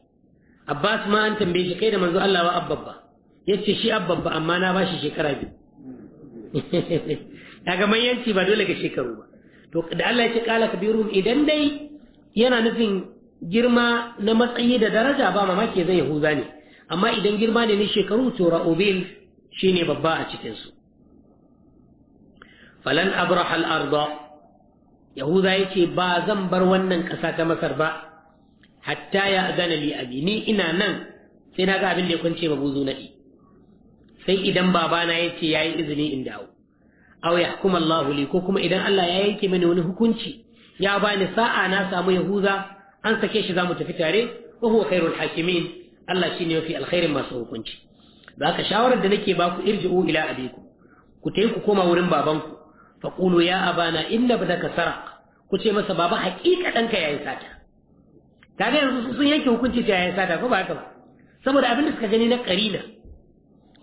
Abbas ma an tambaye shi kai da manzo Allah wa abbabba yace shi abbabba amma na bashi shekara biyu daga manyanci ba dole ga shekaru ba to da Allah ya ce kala kabirum idan dai yana nufin girma na matsayi da daraja ba mamaki zai yahuza ne amma idan girma ne ni shekaru to ra'ubin shine babba a cikin su falan abraha al-arda yahuda yace ba zan bar wannan ƙasa ta masar ba hatta ya azana li abi ni ina nan sai na ga abin da ya kwance ba buzu na sai idan babana ya ce ya yi izini in dawo aw yahkum Allah li ko kuma idan Allah ya yanke mini wani hukunci ya bani sa'a na samu yahuda an sake shi zamu tafi tare wa huwa khairul hakimin Allah shi ne yafi alkhairin masu hukunci ba ka shawarar da nake ba irji irji'u ila abiku, ku tayi ku koma wurin babanku fa qulu ya abana inna badaka kasara. ku ce masa baba haƙiƙa ɗanka yayi sata kaga yanzu sun yanke hukunci ta yayi sata ko ba haka ba saboda abin da suka gani na karina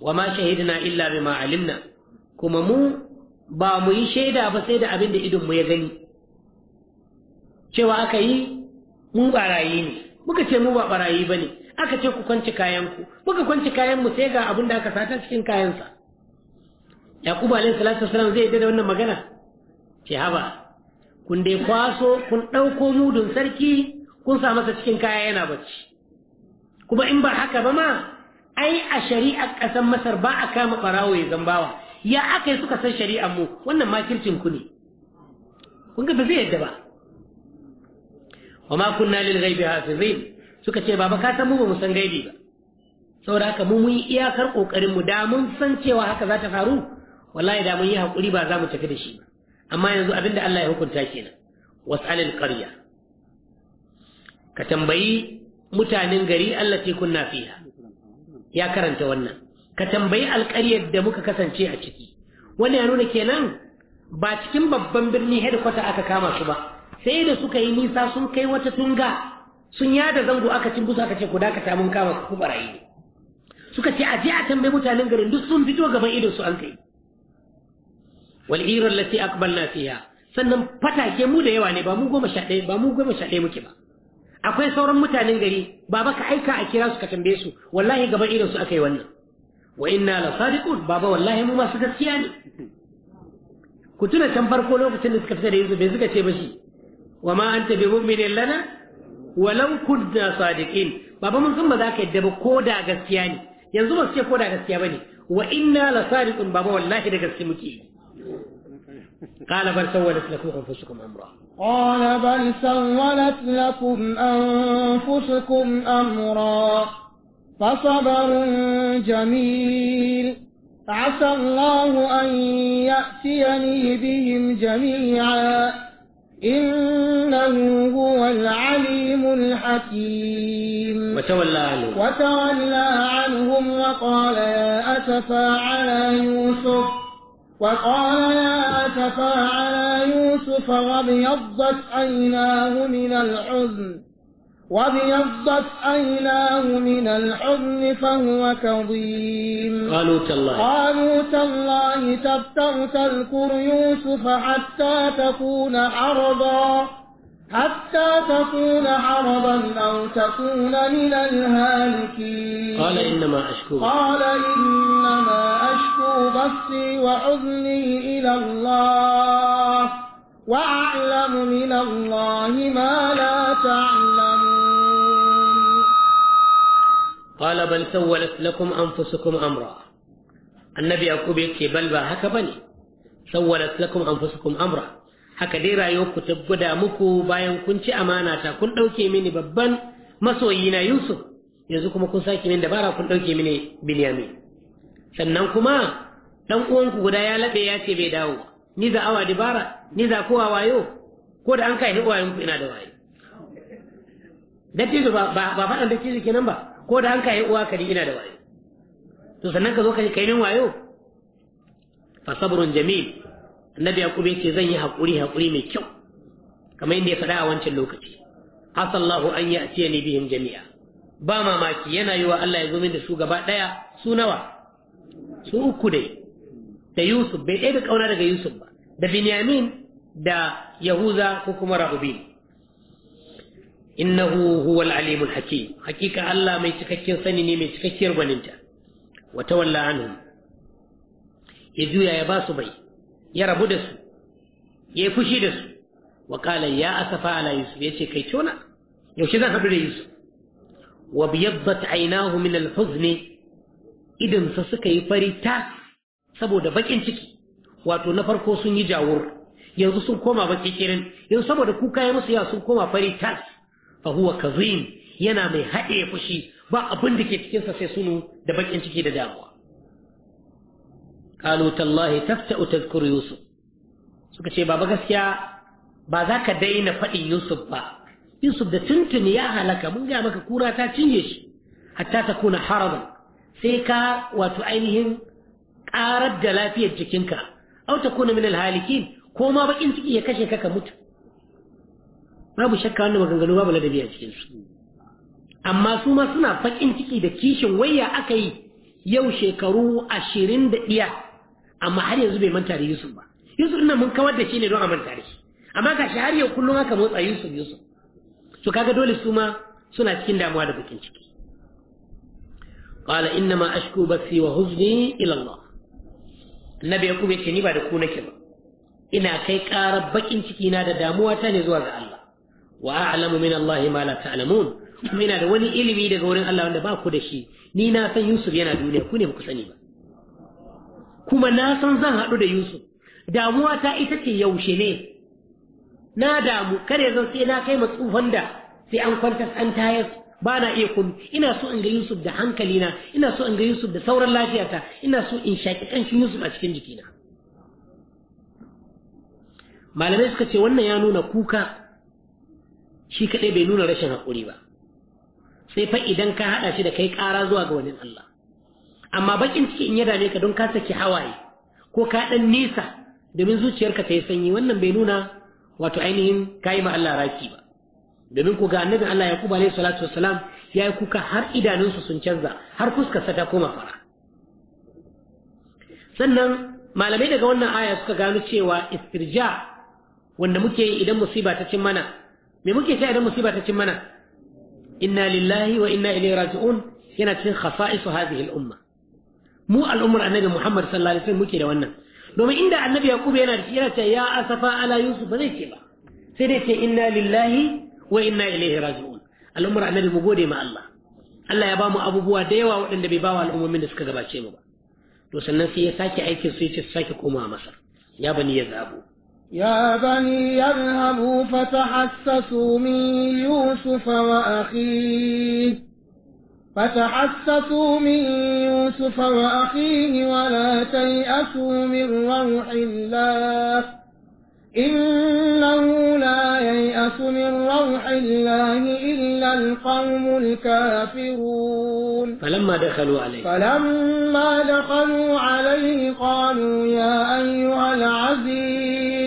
wa ma shahidna illa bima alimna kuma mu ba mu yi shaida ba sai da abin da mu ya gani cewa aka yi mu barayi ne muka ce mu ba barayi ba ne aka ce ku kwanci kayanku muka kwanci kayanmu sai ga abin da aka sata cikin kayansa yaqubu alayhi salatu wasalam zai yi da wannan magana ce haba kun dai kwaso kun ɗauko mudun sarki kun sa masa cikin kaya yana bacci kuma in ba haka ba ma ai a shari'a ƙasar masar ba a kama ɓarawo ya zambawa ya aka yi suka san shari'ar mu wannan makircin ku ne kun ga ba zai yadda ba wa ma kunna lil ghaibi hafizin suka ce baba ka san mu ba mu san gaibi ba saboda haka mu mun yi iyakar kokarin mu da mun san cewa haka za ta faru wallahi da mun yi hakuri ba za mu tafi da shi ba amma yanzu abin da Allah ya hukunta kenan was'alil qarya ka tambayi mutanen gari allati kunna fiha ya karanta wannan ka tambayi alƙaryar da muka kasance a ciki wanda ya nuna kenan ba cikin babban birni headquarter aka kama su ba sai da suka yi nisa sun kai wata tunga sun yada zango aka cin busa aka ce ku dakata mun kama ku barayi ne suka ce a je a tambayi mutanen garin duk sun fito gaban idon su an kai wal ira lati aqbalna fiha sannan fatake mu da yawa ne ba mu goma sha ɗaya ba mu goma sha ɗaya muke ba akwai sauran mutanen gari baba ka aika a kira su ka tambaye su wallahi gaban idon su aka yi wannan wa inna la sadiqun baba wallahi mu masu gaskiya ne ku tuna can farko lokacin da suka fita da yanzu bai suka ce ba shi wa ma anta bi mu'minin lana ولو كنا صادقين بابا من ثم ذاك الدب كودا غسياني ينزو بس يا كودا غسيا وإنا لصادق بابا والله إذا غسيمكي قال بل سولت لكم أنفسكم أمرا قال بل سولت لكم أنفسكم أمرا فصبر جميل عسى الله أن يأتيني بهم جميعا إنه هو العليم الحكيم وتولى عنهم وتولى عنهم وقال يا أسفى على يوسف وقال يا أسفى على يوسف وابيضت عيناه من الحزن وابيضت أيناه من الحزن فهو كظيم قالوا تالله قالوا تالله تفتر تذكر يوسف حتى تكون حرضا حتى تكون حرضا أو تكون من الهالكين قال إنما أشكو قال إنما أشكو بصي وحزني إلى الله وأعلم من الله ما لا تعلم qala bal sawwalat lakum anfusukum amra annabi yakub yace bal ba haka bane sawwalat lakum anfusukum amra haka dai rayuwar ku ta muku bayan kun ci amana ta kun dauke mini babban masoyi na yusuf yanzu kuma kun sake min dabara kun dauke mini binyamin sannan kuma dan uwanku guda ya laɓe ya ce bai dawo ni za awa dibara ni za kowa wayo ko da an kai ni uwayen ina da wayo dattijo ba ba faɗan ke nan ba ko da hanka yi uwa kari ina da wayo to sannan ka zo ka kai min wayo fa sabrun jamil annabi yakub yake zan yi hakuri hakuri mai kyau kamar yadda ya faɗa a wancan lokaci asallahu an ya'tiya ni bihim jami'a ba mamaki yana yi wa Allah ya zo min da su gaba daya su nawa su uku dai da Yusuf bai ɗaya da kauna daga Yusuf ba da Binyamin da Yahuza ko kuma Rahubin innahu huwal alimul hakim hakika Allah mai cikakken sani ne mai cikakkiyar gwaninta wa tawalla anhum ya juya ya basu bai ya rabu da su ya yi fushi da su wa qala ya asafa ala yusuf ce kai tona yaushe za ka da yusuf wa biyaddat aynahu min al Idinsa idan sa suka yi fari ta saboda bakin ciki wato na farko sun yi jawur yanzu sun koma baki kirin yanzu saboda kuka ya musu ya sun koma fari tas fa huwa yana mai haɗe fushi ba abin da ke cikinsa sai sunu da bakin ciki da damuwa qalu tallahi tafta'u tadhkur yusuf suka ce baba gaskiya ba za ka daina faɗin yusuf ba yusuf da tuntuni ya halaka mun ga maka kura ta cinye shi hatta ta kuna haraban sai ka wato ainihin ƙarar da lafiyar jikinka au ta kuna minal halikin ko ma bakin ciki ya kashe ka ka mutu babu shakka wannan maganganu babu ladabi a cikin su amma su ma suna fakin ciki da kishin wayya aka yi yau shekaru ashirin da ɗiya amma har yanzu bai manta da Yusuf ba Yusuf ina mun kawar da shi ne don a manta da shi amma ka shi har yau kullum aka motsa Yusuf Yusuf to kaga dole su ma suna cikin damuwa da bakin ciki qala inna ma ashku bathi wa huzni ila Allah annabi yakub yace ni ba da ku nake ba ina kai karar bakin ciki na da damuwa ta ne zuwa ga Allah wa a'lamu min Allah ma la ta'lamun kuma yana da wani ilimi daga wurin Allah wanda ba ku da shi ni na san Yusuf yana duniya ku ne ba ku sani ba kuma na san zan haɗu da Yusuf damuwa ta ita ce yaushe ne na damu kare zan sai na kai matsufan da sai an kwanta an tayar ba na iya kun ina so in ga Yusuf da hankalina ina so in ga Yusuf da sauran lafiyata ina so in shaki kanshin Yusuf a cikin jikina malamai suka ce wannan ya nuna kuka shi kaɗai bai nuna rashin haƙuri ba sai fa idan ka haɗa shi da kai ƙara zuwa ga wani Allah amma bakin ciki in ya dame ka don ka saki hawaye ko ka ɗan nisa domin zuciyarka ta yi sanyi wannan bai nuna wato ainihin ka yi ma Allah raki ba domin ku ga annabin Allah Yakubu alaihi salatu wassalam ya yi kuka har idanunsu sun canza har sa ta koma fara sannan malamai daga wannan aya suka gano cewa istirja wanda muke yi idan musiba ta cin mana me muke ta idan musiba ta cin mana inna lillahi wa inna ilaihi raji'un yana cikin khasa'isu hadhihi al-umma mu al'ummar annabi Muhammad sallallahu alaihi wasallam muke da wannan domin inda annabi Yaqub yana da yana ce ya asafa ala Yusuf ba zai ce ba sai dai ce inna lillahi wa inna ilaihi raji'un al'ummar annabi mu gode ma Allah Allah ya bamu abubuwa da yawa waɗanda bai bawa al'ummomin da suka gabace mu ba to sannan sai ya sake aikin su ya ce sake komawa Masar ya bani ya zabo يا بني يذهبوا فتحسسوا من يوسف وأخيه فتحسسوا من يوسف وأخيه ولا تيأسوا من روح الله إنه لا ييأس من روح الله إلا القوم الكافرون فلما دخلوا عليه فلما دخلوا عليه قالوا يا أيها العزيز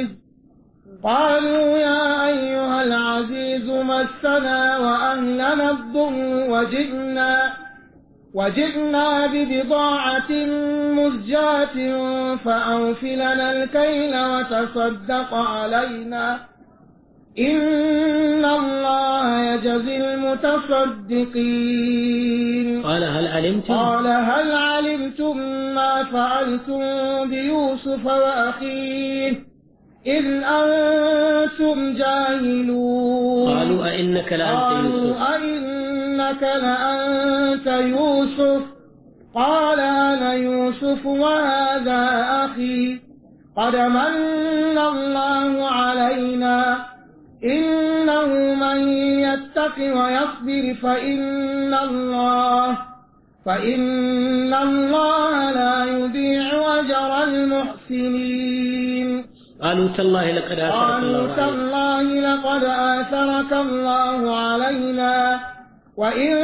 قالوا يا أيها العزيز مسنا وأهلنا الضم وجئنا وجئنا ببضاعة مزجاة فأوفلنا الكيل وتصدق علينا إن الله يجزي المتصدقين قال هل علمتم قال هل علمتم ما فعلتم بيوسف وأخيه إذ أنتم جاهلون قالوا أئنك لأنت يوسف قالوا أئنك لأنت يوسف قال أنا يوسف وهذا أخي قد من الله علينا إنه من يتق ويصبر فإن الله فإن الله لا يضيع أجر المحسنين قالوا تالله لقد آثرك قالوا تالله لقد آثرك الله علينا وإن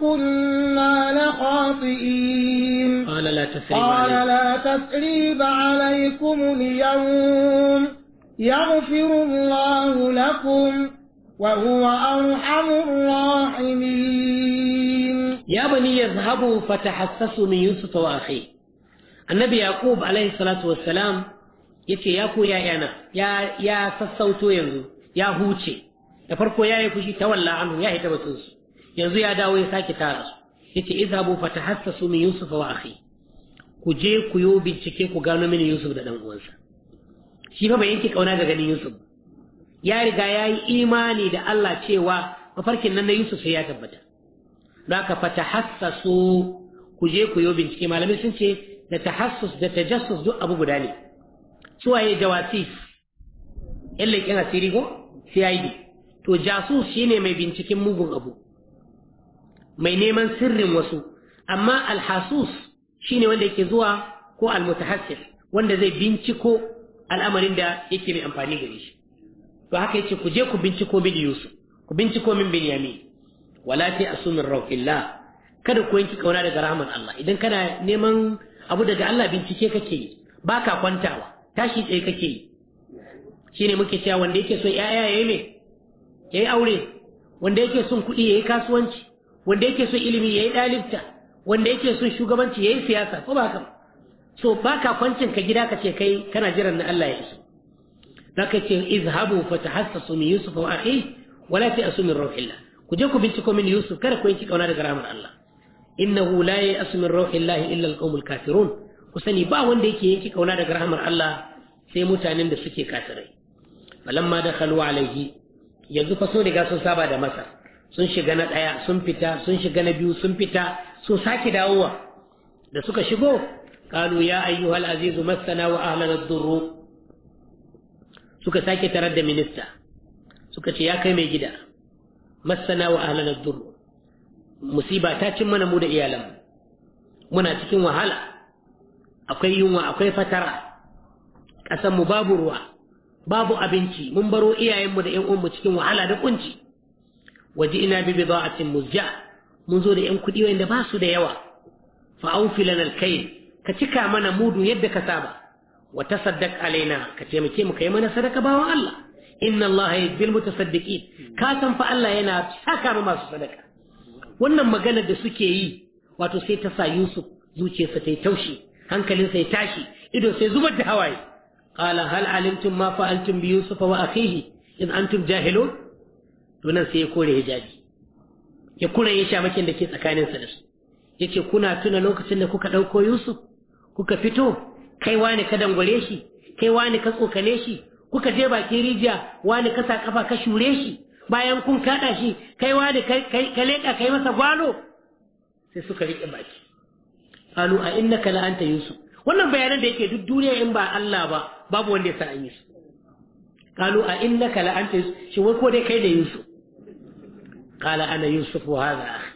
كنا لخاطئين قال لا تثريب قال لا تثريب عليكم اليوم يغفر الله لكم وهو أرحم الراحمين يا بني اذهبوا فتحسسوا من يوسف وأخيه النبي يعقوب عليه الصلاة والسلام yace ya koya yana ya ya sassauto yanzu ya huce da farko yayi fushi ta walla anhu ya hita batun su yanzu ya dawo ya sake tara su yace izhabu fatahassasu min yusuf wa akhi ku je ku yo bincike ku gano mini yusuf da dan uwansa shi fa bai yanke kauna ga ganin yusuf ya riga yayi imani da Allah cewa mafarkin nan na yusuf sai ya tabbata don haka fatahassasu ku je ku yo bincike malamai sun ce da tahassus da tajassus duk abu guda ne Su waye jawasis yan leƙin asiri ko cid to jasus shine mai binciken mugun abu mai neman sirrin wasu amma alhasus shine wanda yake zuwa ko almutahassis wanda zai binciko al'amarin da yake mai amfani gare shi to haka yace ku je ku binciko mini yusuf ku binciko min binyamin wala ta asumin rauhillah kada ku yanki kauna daga rahman Allah idan kana neman abu daga Allah bincike kake yi baka kwantawa tashi tsaye kake yi Shi ne muke cewa wanda yake son yaya yayi ya yi aure wanda yake son kuɗi ya yi kasuwanci wanda yake son ilimi ya yayi ɗalibta wanda yake son shugabanci ya yi siyasa ko ba haka so ba ka kwancin ka gida ka ce kai kana jiran na Allah ya iso ka ce izhabu fatahassasu min yusuf wa akhi wala ta'asu min ruhillah ku je ku binciko min yusuf kada ku yanki kauna daga ramar Allah innahu la ya'asu min ruhillah illa al-qawmul kafirun ku sani ba wanda yake yanki kauna daga rahamar Allah sai mutanen da suke kafirai falamma dakhalu alaihi yanzu fa sun riga sun saba da masa. sun shiga na daya sun fita sun shiga na biyu sun fita sun sake dawowa da suka shigo qalu ya ayyuhal aziz massana wa ahlana ad suka sake tarar da minista suka ce ya kai mai gida massana wa ahlana ad musiba ta cin mana mu da iyalan muna cikin wahala akwai yunwa akwai fatara ƙasar mu babu ruwa babu abinci mun baro iyayenmu da ƴan uwanmu cikin wahala da kunci waje ina bi bida'atin muzja mun zo da yan kuɗi wanda ba su da yawa fa awfi lana kai. ka cika mana mudu yadda ka saba wa tasaddaq alaina ka taimake mu kai mana sadaka bawan Allah inna Allah yajzil mutasaddiqin ka san fa Allah yana saka mu masu sadaka wannan magana da suke yi wato sai ta sa Yusuf zuciyarsa ta yi taushi hankalinsa ya tashi ido sai zubar da hawaye qala hal alimtum ma fa'altum bi yusufa wa akhihi in antum jahilun to nan sai ya kore hijabi ya kure ya shamakin da ke tsakanin sa da su yace kuna tuna lokacin da kuka ɗauko yusuf kuka fito kai wani ka dangware shi kai wani ka tsokane shi kuka je bakin rijiya wani ka sa kafa ka shure shi bayan kun kaɗa shi kai wani ka leka kai masa gwalo sai suka rike baki qalu a innaka la anta yusuf wannan bayanan da yake duk duniya in ba Allah ba babu wanda ya san an yi su qalu a innaka la anta yusuf shi wai ko dai kai da yusuf qala ana yusuf wa hadha akhi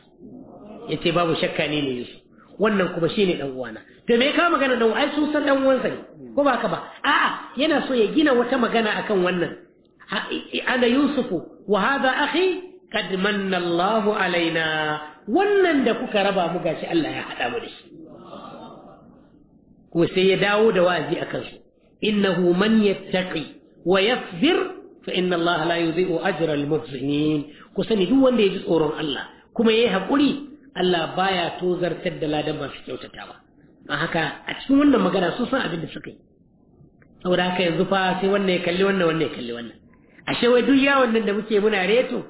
yace babu shakka ni ne yusuf wannan kuma shine dan uwana to me ka magana dan ai sun san dan uwansa ne ko ba ka ba a'a yana so ya gina wata magana akan wannan ana yusufu wa hadha akhi قد من Allahu alaina wannan da kuka raba mu gashi Allah ya hada mu da shi kuma sai ya dawo da wa'azi a kansu innahu man yattaqi wa yasbir fa inna Allah la yudhi'u ajra al-muhsinin ku sani duk wanda ya ji tsoron Allah kuma yayi hakuri Allah baya tozartar da ladan masu kyautatawa a haka a cikin wannan magana sun san abin da suka yi saboda haka yanzu fa sai wannan ya kalli wannan wannan ya kalli wannan ashe wai duk yawon nan da muke muna reto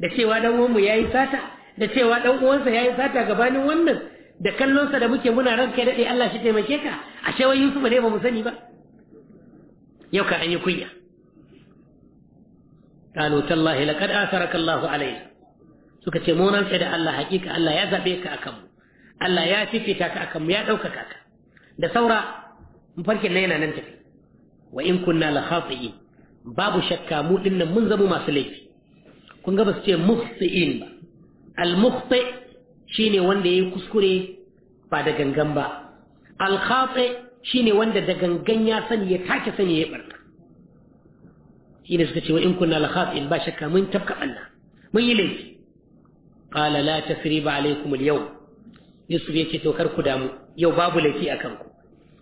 da cewa dan uwanmu yayi sata da cewa dan uwansa yayi sata gabanin wannan da kallonsa da muke muna ranka daɗe Allah shi taimake ka ashe wai Yusuf ne ba mu sani ba yau ka an yi kunya قالوا تالله لقد آثرك الله علينا suka ce mu rantsa da Allah hakika Allah ya zabe ka akan mu Allah ya fifita ka akan mu ya ɗaukaka ka da saura mafarkin na yana nan tafi wa in kunna la khati'in babu shakka mu dinnan mun zama masu laifi kun ga ba su ce muhsi'in ba al muhti ne wanda yayi kuskure ba da gangan ba shi ne wanda da gangan ya sani ya take sani ya barka ne suka ce wa in kunna la ba shakka mun tafka Allah mun yi laifi qala la tasriba alaykum al-yawm yusuf yake to kar ku damu yau babu laifi akan ku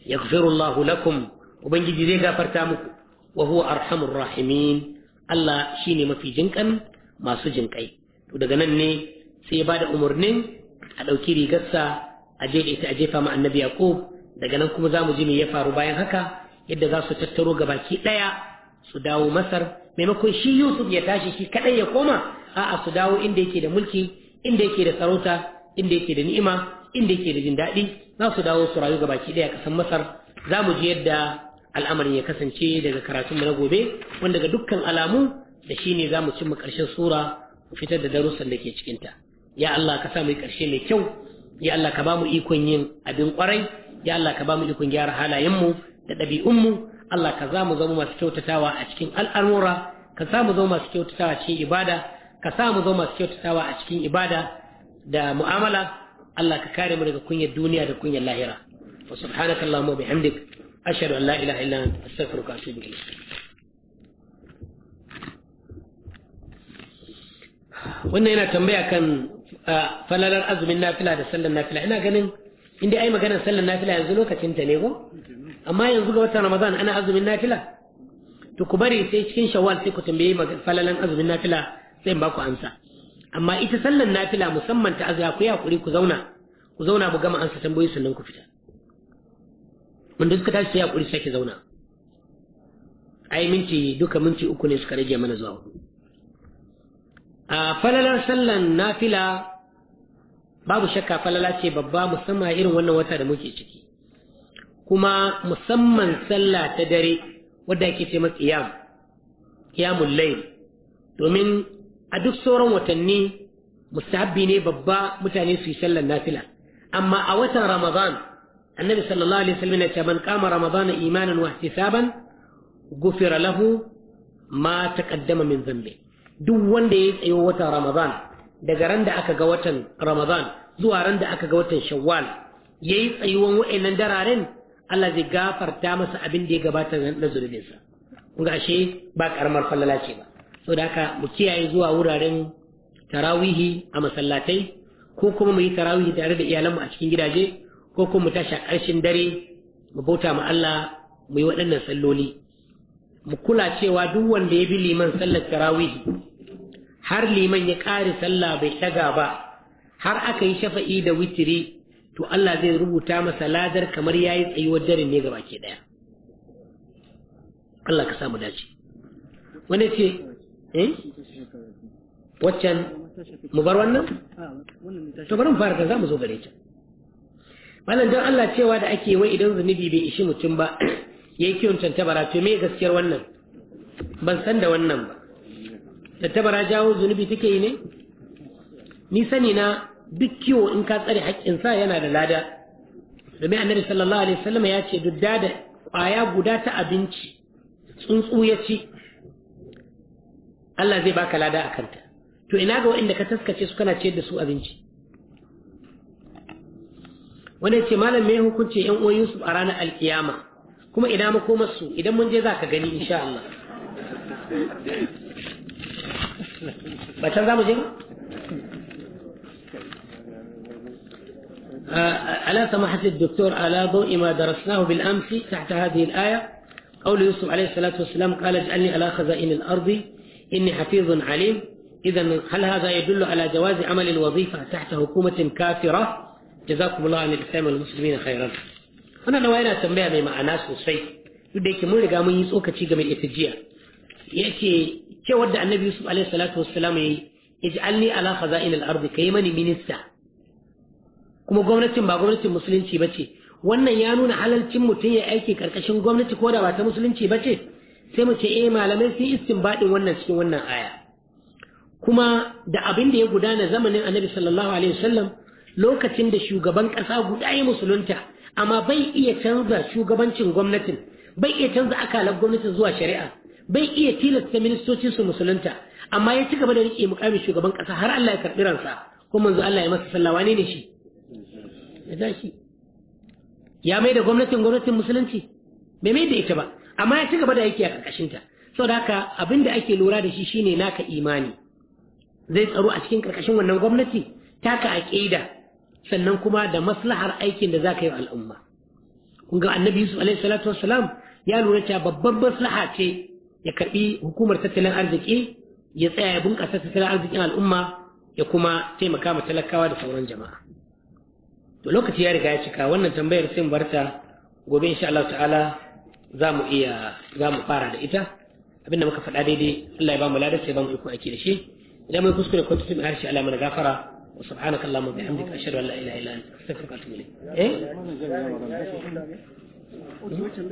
yaghfirullahu lakum ubangiji zai gafarta muku wa huwa arhamur rahimin Allah shine mafi jinkan masu jinkai to daga nan ne sai ya bada umarnin a ɗauki rigarsa a je da ita a jefa ma annabi yaqub daga nan kuma za mu ji me ya faru bayan haka yadda za su tattaro gabaki ɗaya su dawo masar maimakon shi yusuf ya tashi shi kaɗai ya koma a'a su dawo inda yake da mulki inda yake da sarauta inda yake da ni'ima inda yake da jin daɗi za su dawo su rayu gabaki ɗaya kasan masar za mu ji yadda al'amarin ya kasance daga karatun mu na gobe wanda ga dukkan alamu da shi ne za mu cimma ƙarshen sura mu fitar da darussan da ke cikinta ya Allah ka sa mu ƙarshe mai kyau ya Allah ka ba mu ikon yin abin ƙwarai ya Allah ka ba mu ikon gyara halayenmu da ɗabi'unmu Allah ka za mu zama masu kyautatawa a cikin al'amura ka sa mu zama masu kyautatawa cikin ibada ka sa mu zama masu kyautatawa a cikin ibada da mu'amala Allah ka kare mu daga kunyar duniya da kunyar lahira wa subhanaka allahumma bihamdik ashhadu an la ilaha illa anta astaghfiruka wa atubu ilayk wannan yana tambaya kan falalar azumin nafila da sallan nafila ina ganin inda ai maganar sallan nafila yanzu lokacin ta ne ko amma yanzu ga watan ramadan ana azumin nafila to ku bari sai cikin shawwal sai ku tambaye falalan azumin nafila sai ba ku amsa amma ita sallan nafila musamman ta azya ku yakuri ku zauna ku zauna mu gama amsa tambayoyi sannan ku fita wanda suka tashi sai yakuri sai ki zauna ai minti duka minti uku ne suka rage mana zuwa hudu a falalar sallan nafila babu shakka falala ce babba musamman irin wannan wata da muke ciki kuma musamman sallah ta dare wadda ake ce qiyam qiyamul layl domin a duk sauran watanni mustahabbi ne babba mutane su yi sallar nafila amma a watan ramadan annabi sallallahu alaihi wasallam ya ce man qama ramadan imanan wa ihtisaban ghufira lahu ma taqaddama min dhanbi duk wanda ya tsayo watan ramadan daga ran da aka ga watan ramadan zuwa ran da aka ga watan shawwal yayi tsayuwan wa'annan dararen Allah zai gafarta masa abin da ya gabata na zunubinsa kun ga ashe ba karamar fallala ce ba saboda haka mu kiyaye zuwa wuraren tarawihi a masallatai ko kuma mu yi tarawihi tare da iyalanmu a cikin gidaje ko kuma mu tashi a ƙarshen dare mu bauta ma Allah mu yi waɗannan salloli mu kula cewa duk wanda ya bi liman sallar tarawihi har liman ya ƙare sallah bai ɗaga ba har aka yi shafa'i da witiri to Allah zai rubuta masa ladar kamar ya yi tsayuwar dare ne gaba ke ɗaya Allah ka samu dace wani ce eh waccan mu bar wannan to bari mu fara ta za mu zo gare ta wannan don Allah cewa da ake wai idan zunubi bai ishi mutum ba ya yi kiyon bara to me gaskiyar wannan ban san da wannan ba tattabara jawo zunubi take yi ne ni sani na duk kiwo in ka tsare haƙƙinsa yana da lada domin annabi sallallahu alaihi wasallam ya ce duk da ƙwaya guda ta abinci tsuntsu ya ci Allah zai baka lada a kanta to ina ga waɗanda ka taskace su kana ciyar da su abinci wanda ya ce malam mai hukunci yan uwan Yusuf a ranar alkiyama kuma ina masu, idan mun je za ka gani insha Allah ba can za ألا سماحة الدكتور ألا ضوء ما درسناه بالأمس تحت هذه الآية قول يوسف عليه الصلاة والسلام قال اجعلني على خزائن الأرض إني حفيظ عليم إذا هل هذا يدل على جواز عمل الوظيفة تحت حكومة كافرة جزاكم الله عن الإسلام والمسلمين خيرا أنا نوينا تنبيه بما أنا سوسي يقول لك مولي قاموا يسوك تشيغ من إتجيه يأتي ce wadda annabi yusuf alaihi salatu wassalam yayi ij'alni ala khaza'in al-ardi kai mani minista kuma gwamnatin ba gwamnatin musulunci bace wannan ya nuna halalcin mutum ya aiki karkashin gwamnati ko da ba ta musulunci bace sai mu ce eh malamai sun istinbadin wannan cikin wannan aya kuma da abin da ya gudana zamanin annabi sallallahu alaihi wasallam lokacin da shugaban kasa guda ya musulunta amma bai iya canza shugabancin gwamnatin bai iya canza akalar gwamnatin zuwa shari'a bai iya tilasta ministocin su musulunta amma ya ci gaba da rike mukamin shugaban kasa har Allah ya karbi ransa ko manzo Allah ya masa sallah ne shi ya tashi ya mai da gwamnatin gwamnatin musulunci bai mai da ita ba amma ya ci gaba da yake a karkashin ta saboda haka abin da ake lura da shi shine naka imani zai tsaro a cikin karkashin wannan gwamnati taka aqida sannan kuma da maslahar aikin da zaka yi al'umma kun ga annabi Yusuf alaihi salatu wassalam ya lura cewa babban maslaha ce ya karɓi hukumar tattalin arziki ya tsaya ya bunƙasa tattalin arzikin al'umma ya kuma taimaka ma talakawa da sauran jama'a to lokaci ya riga ya cika wannan tambayar sai mu barta gobe insha Allah ta'ala za mu iya za mu fara da ita abinda muka faɗa daidai Allah ya ba mu ladar sai ba mu iko ake da shi idan mun kuskure ko har shi Allah mana gafara وسبحانك اللهم وبحمدك أشهد أن لا إله إلا أنت أستغفرك